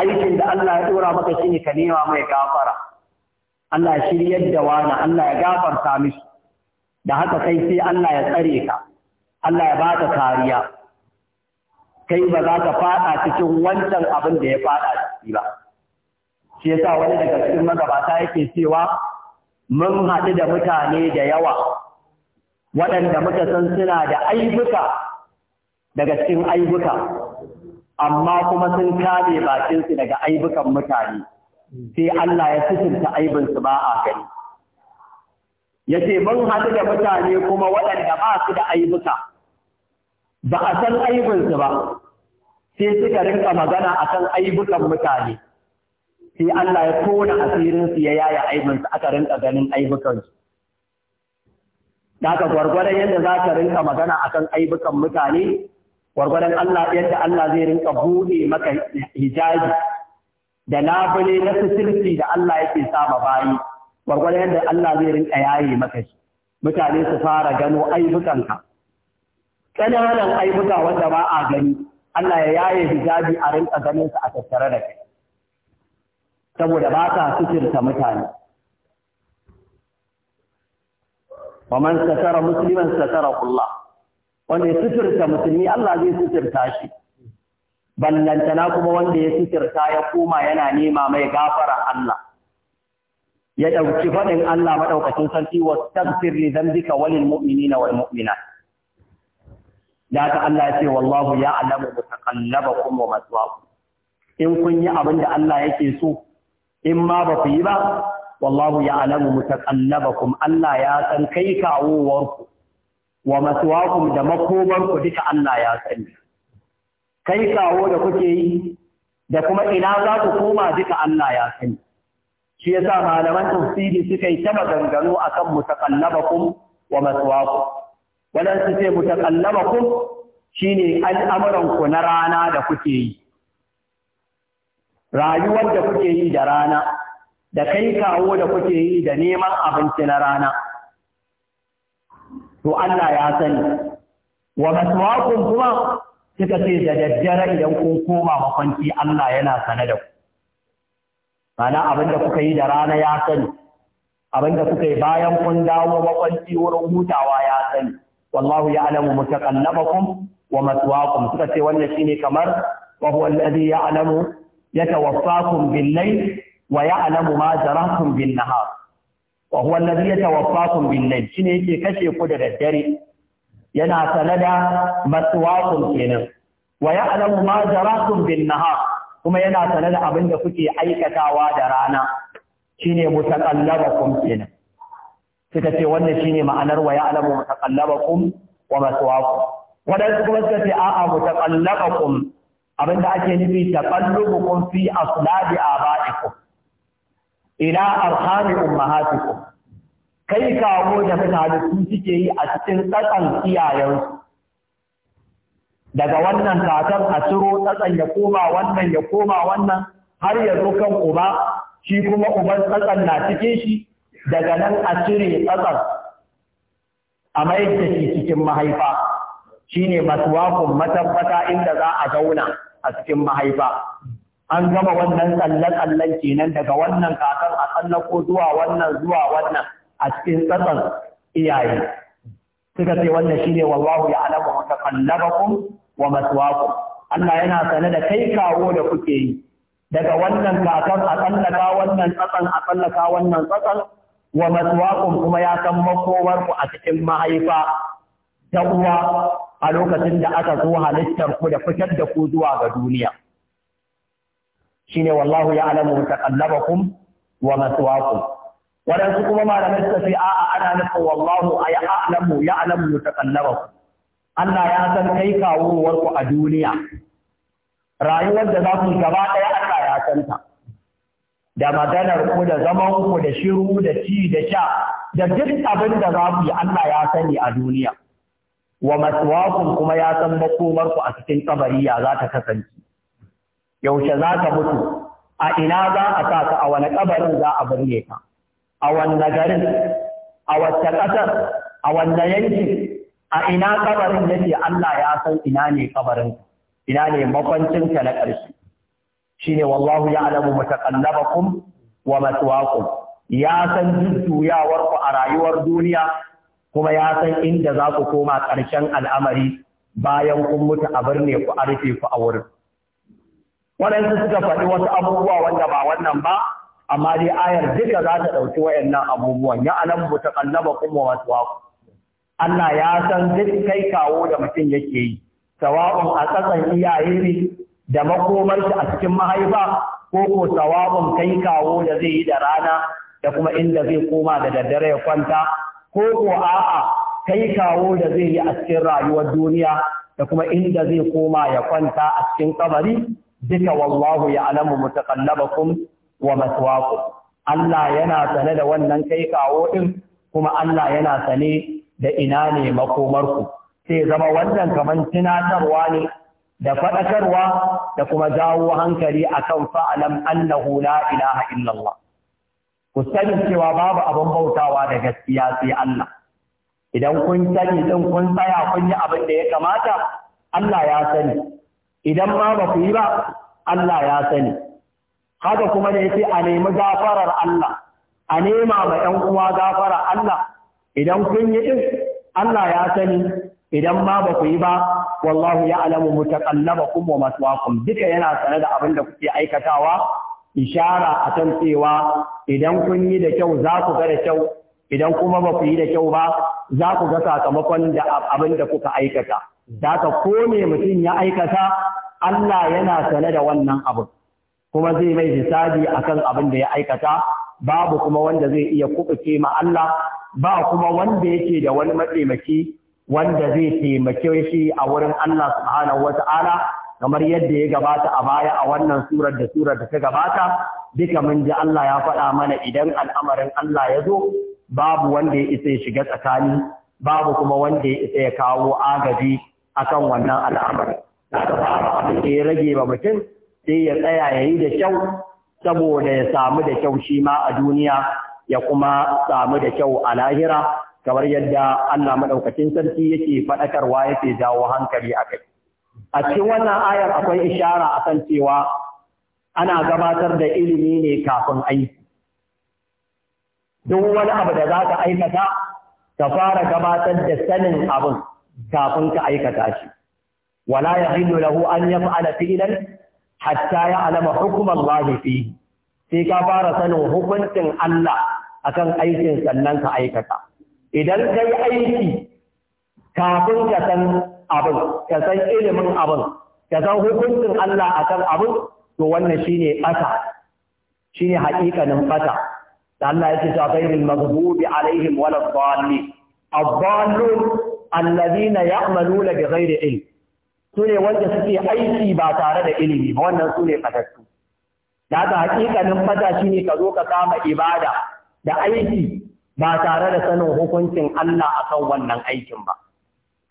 aikin da Allah ya ɗora maka shi ne ka nema mai gafara Allah ya shiryar da wani Allah ya gafarta mishi da haka kai sai Allah ya tsare ka Allah ya baka kariya kai ba za ka fada cikin wancan abin da ya fada ciki ba shi yasa wani daga cikin magabata yake cewa mun haɗu da mutane da yawa waɗanda muka san suna da aibuka daga cikin aibuka amma kuma sun kame bakinsu daga aibukan mutane sai Allah ya sitinta aibinsu ba a gani ya ce mun haɗu da mutane kuma waɗanda ba su da aibuka ba a san aibinsu ba sai suka rinka magana akan aibukan mutane sai Allah ya kona asirinsu ya yaya aibinsu aka rinka ganin aibukansu Daga gwargwadon yadda za ka rinka magana a kan aibukan mutane, gwargwadon Allah yadda Allah zai rinka buɗe maka hijabi da labule na sitirci da Allah yake sama bayi, gwargwadon yadda Allah zai rinka yaye maka shi. Mutane su fara gano aibukanka. Ƙananan aibuka wanda ba a gani, Allah ya yaye hijabi a rinka ganin su a tattare da kai. Saboda ba ka suturta mutane. wa man satara musliman satara wanda ya suturta musulmi Allah zai suturta shi ballantana kuma wanda ya suturta ya koma yana nema mai gafara Allah ya dauki faɗin Allah madaukakin sarki wa taghfir li dhanbika wal mu'minina wal mu'minat da haka Allah ya ce wallahu ya'lamu mutaqallabakum wa maswaakum in kun yi abin da Allah yake so in ma ba ku yi ba wallahu ya'lamu mutaqallabakum Allah ya san kai kawowarku wa maswaakum da makobarku duka Allah ya sani kai kawo da kuke yi da kuma ina za ku koma duka Allah ya sani shi yasa malaman tafsiri suka yi ta maganganu akan mutaqallabakum wa maswaakum su ce mutaqallabakum shine al'amuran ku na rana da kuke yi rayuwar da kuke yi da rana da kai kawo da kuke yi da neman abinci na rana to Allah ya sani wa maswaqun kuma suka ce da daddare idan kun koma makwanci Allah yana sane da ku mana abin da kuka yi da rana ya sani abin da kuka yi bayan kun dawo makwanci wurin hutawa ya sani wallahu ya'lamu mutaqallabakum wa maswaqum suka ce wannan shine kamar wa huwa alladhi ya'lamu yatawaffakum bil-layl ويعلم ما جرحتم بالنهار وهو الذي يتوفاكم بالليل شنو yake kashe ku da daddare yana sanada maswaqun kenan wa ya'lamu ma jaratum bin kuma yana sanada abin da kuke aikatawa da rana shine mutaqallabakum kenan suka ce wannan shine ma'anar wa ya'lamu mutaqallabakum wa maswaqu wadansu kuma suka ce a'a abinda ake nufi taqallubukum fi asladi abaikum ila arhami ummahatikum kai kawo da mutane su suke yi a cikin tsatsan iyayensu daga wannan kakan a ciro tsatsan ya koma wannan ya koma wannan har ya zo kan uba shi kuma uban tsatsan na cikin shi daga nan a cire tsatsan a mai da shi cikin mahaifa shine masuwakun matabbata inda za a zauna a cikin mahaifa an gama wannan tsalle-tsallen kenan daga wannan kakan a tsallako zuwa wannan zuwa wannan a cikin tsatsan iyaye suka ce wannan ne wallahu ya alama alamu mutaqallabakum wa masuwaku. Allah yana sane da kai kawo da kuke yi daga wannan kakan a tsallaka wannan tsatsan a tsallaka wannan tsatsan wa masuwaku kuma ya san makowar ku a cikin mahaifa ta uwa a lokacin da aka zo halittar ku da fitar da ku zuwa ga duniya shine wallahu ya'lamu mutaqallabakum wa masuwaku. Waɗansu kuma malamai suka ce a'a ana nufin wallahu a ay ya'lamu ya'lamu mutaqallabakum Allah ya san kai kawowar ku a duniya rayuwar da za ku gaba ɗaya Allah ya san ta da maganar ku da zaman ku da shiru da ci da sha da duk abin da za ku yi Allah ya sani a duniya wa maswakun kuma ya san makomar ku a cikin kabari ya za ta kasance yaushe za ka mutu a ina za a sa ka a wani kabarin za a birne ka a wanne garin a wacce ƙasar a wanne yankin a ina kabarin yake Allah ya san ina ne kabarin ina ne makwancin ka na ƙarshe shine wallahu ya'lamu mutaqallabakum wa maswaqum ya san jujjuyawar ku a rayuwar duniya kuma ya san inda za ku koma ƙarshen al'amari bayan kun mutu a birne ku a rufe ku a wurin waɗansu suka faɗi wasu abubuwa wanda ba wannan ba amma dai ayar duka za ta ɗauki wayannan abubuwan ya ta mutaqallaba kuma wasu waku. Allah ya san duk kai kawo da mutum yake yi sawa'un a tsatsan iyaye ne da makomar a cikin mahaifa ko ko sawa'un kai kawo da zai yi da rana da kuma inda zai koma da daddare ya kwanta ko ko a'a kai kawo da zai yi a cikin rayuwar duniya da kuma inda zai koma ya kwanta a cikin kabari duka wallahu ya'lamu mutaqallabakum wa maswaqu Allah yana sane da wannan kai kawo ɗin kuma Allah yana sane da ina ne makomarku sai zama wannan kaman tunatarwa ne da faɗakarwa da kuma jawo hankali akan fa'alam annahu la ilaha illallah ku sani cewa babu abin bautawa da gaskiya sai Allah idan kun sani din kun tsaya kun yi abin da ya kamata Allah ya sani idan ma ba ku yi ba Allah ya sani haka kuma ne sai a nemi gafarar Allah a nema ma yan uwa gafarar Allah idan kun yi din Allah ya sani idan ma ba ku yi ba wallahu ya'lamu mutaqallabakum kuma maswaakum duka yana sane da abin da kuke aikatawa ishara a cewa idan kun yi da kyau za ku ga da kyau idan kuma ba ku yi da kyau ba za ku ga sakamakon da abin da kuka aikata da ko kome mutum ya aikata Allah yana sane da wannan abu kuma zai mai hisabi kan abin da ya aikata babu kuma wanda zai iya kubuce ma Allah ba kuma wanda yake da wani mataimaki wanda zai taimake shi a wurin Allah subhanahu wata'ala kamar yadda ya gabata a baya a wannan surar da surar da ta gabata duka mun ji Allah ya faɗa mana idan al'amarin Allah ya zo babu wanda ya isa ya shiga tsakani babu kuma wanda ya isa ya kawo agaji akan wannan al'amari ya rage ba mutum sai ya tsaya ya yi da kyau saboda ya samu da kyau shi ma a duniya ya kuma samu da kyau a lahira kamar yadda Allah maɗaukacin sarki yake faɗakarwa yake jawo hankali a kai. A cikin wannan ayar akwai ishara akan cewa ana gabatar da ilimi ne kafin aiki. Duk wani abu da za ka aikata, ka fara gabatar da sanin abin. kafin ka aikata shi wala ya yahillu lahu an fa'ala fi'lan hatta ya alama hukm Allah fi sai ka fara sanin hukuncin Allah akan aikin sannan ka aikata idan kai aiki kafin ka san abin ka san ilimin abin ka san hukuncin Allah akan abin to wannan shine bata shine haƙiƙanin bata da Allah ya ce ta ghairil maghdubi alaihim wala ad-dallun allazina ya'maluna bi ghairi ilm sune wanda suke aiki ba tare da ilimi ba wannan sune fatattu da ga hakikanin fata shine ka zo ka kama ibada da aiki ba tare da sanin hukuncin Allah akan wannan aikin ba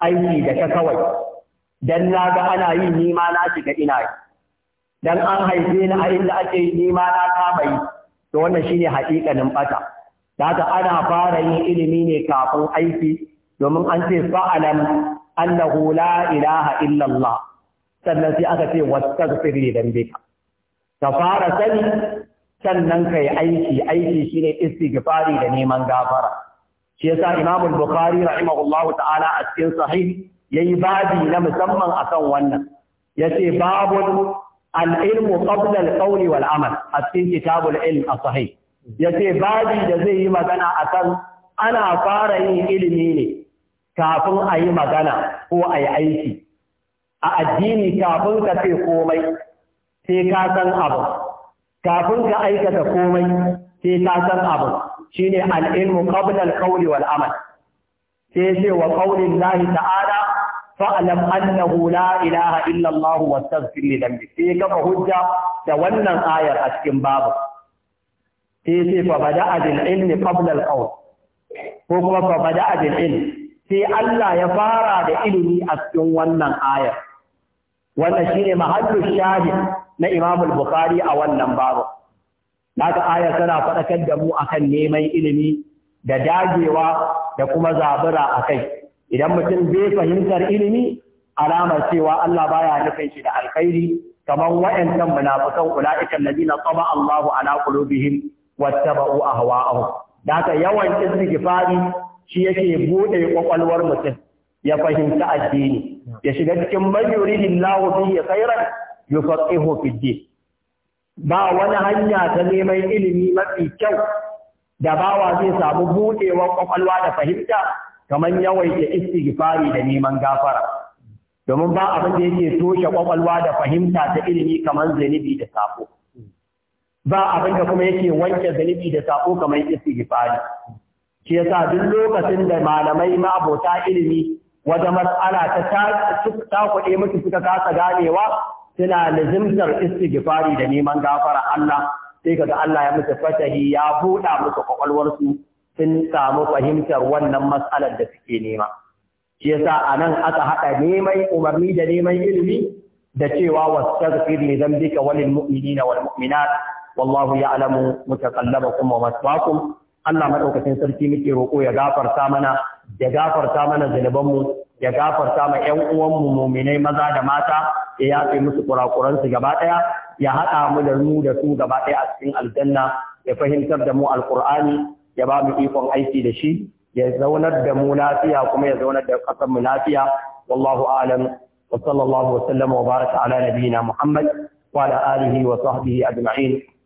aiki da ka kawai dan na ga ana yi ni ma na shiga ina yi dan an haife ni a inda ake yi ni ma na kama yi to wannan shine hakikanin fata da ana fara yin ilimi ne kafin aiki domin an ce fa'alam annahu la ilaha illallah sannan sai aka ce wastaghfir li dambika ka fara sani sannan kayi aiki aiki shine istighfari da neman gafara shi yasa Imamul bukhari rahimahullahu ta'ala a cikin sahih yayi babi na musamman akan wannan yace babun al-ilmu qabla al wal amal a cikin kitabul ilm a sahih yace babi da zai yi magana akan ana fara yin ilimi ne kafin a yi magana ko a yi aiki a addini kafin ka ce komai sai ka san abu kafin ka aikata komai sai ka san abu shine al-ilmu qabla al-qawli wal amal sai ce wa qawlin lahi ta'ala fa'lam annahu la ilaha illa Allah wastaghfir li dhanbi sai kafa hujja da wannan ayar a cikin babu sai ce fa bada'a bil ilmi qabla al-qawl ko kuma fa bada'a bil ilmi sai Allah ya fara da ilimi a cikin wannan ayar wannan shine mahallu shahi na Imam al-Bukhari a wannan babu daga ayar tana faɗakar da mu akan neman ilimi da dagewa da kuma zabura akai idan mutum bai fahimtar ilimi alamar cewa Allah baya nufin shi da alkhairi kamar wa'annan munafikan ulaiikal ladina taba Allahu ala qulubihim wattaba'u ahwa'ahum daga yawan istighfari shi yake buɗe kwakwalwar mutum ya fahimta addini ya shiga cikin man yuridillahu bihi ya yufaqihu fi din ba wani hanya ta neman ilimi mafi kyau da bawa zai samu buɗewar kwakwalwa da fahimta kamar yawaita istighfari da neman gafara domin ba abin da yake toshe kwakwalwa da fahimta ta ilimi kamar zanibi da sako ba abin da kuma yake wanke zanibi da sako kamar istighfari Shi duk lokacin da malamai ma'abota ilimi wata matsala ta kuɗe musu suka kasa ganewa suna lazimtar istighfari da neman gafara Allah sai kaga Allah ya musu fatahi ya buɗa musu kwakwalwarsu sun samu fahimtar wannan matsalar da suke nema. Shi yasa a nan aka haɗa neman umarni da neman ilimi da cewa wastaghfir li dhanbika walil mu'minina wal mu'minat wallahu ya'lamu mutaqallabakum wa maswaakum Allah maɗaukacin sarki muke roƙo ya gafarta mana ya gafarta mana zunubanmu ya gafarta ma ƴan uwanmu muminai maza da mata ya yafe musu kurakuransu gaba ɗaya ya haɗa mu da mu da su gaba ɗaya a cikin aljanna ya fahimtar da mu alkur'ani ya ba mu ikon aiki da shi ya zaunar da mu lafiya kuma ya zaunar da ƙasarmu lafiya wallahu a'lam wa sallallahu wa sallam wa baraka ala nabiyyina muhammad wa ala alihi wa sahbihi ajma'in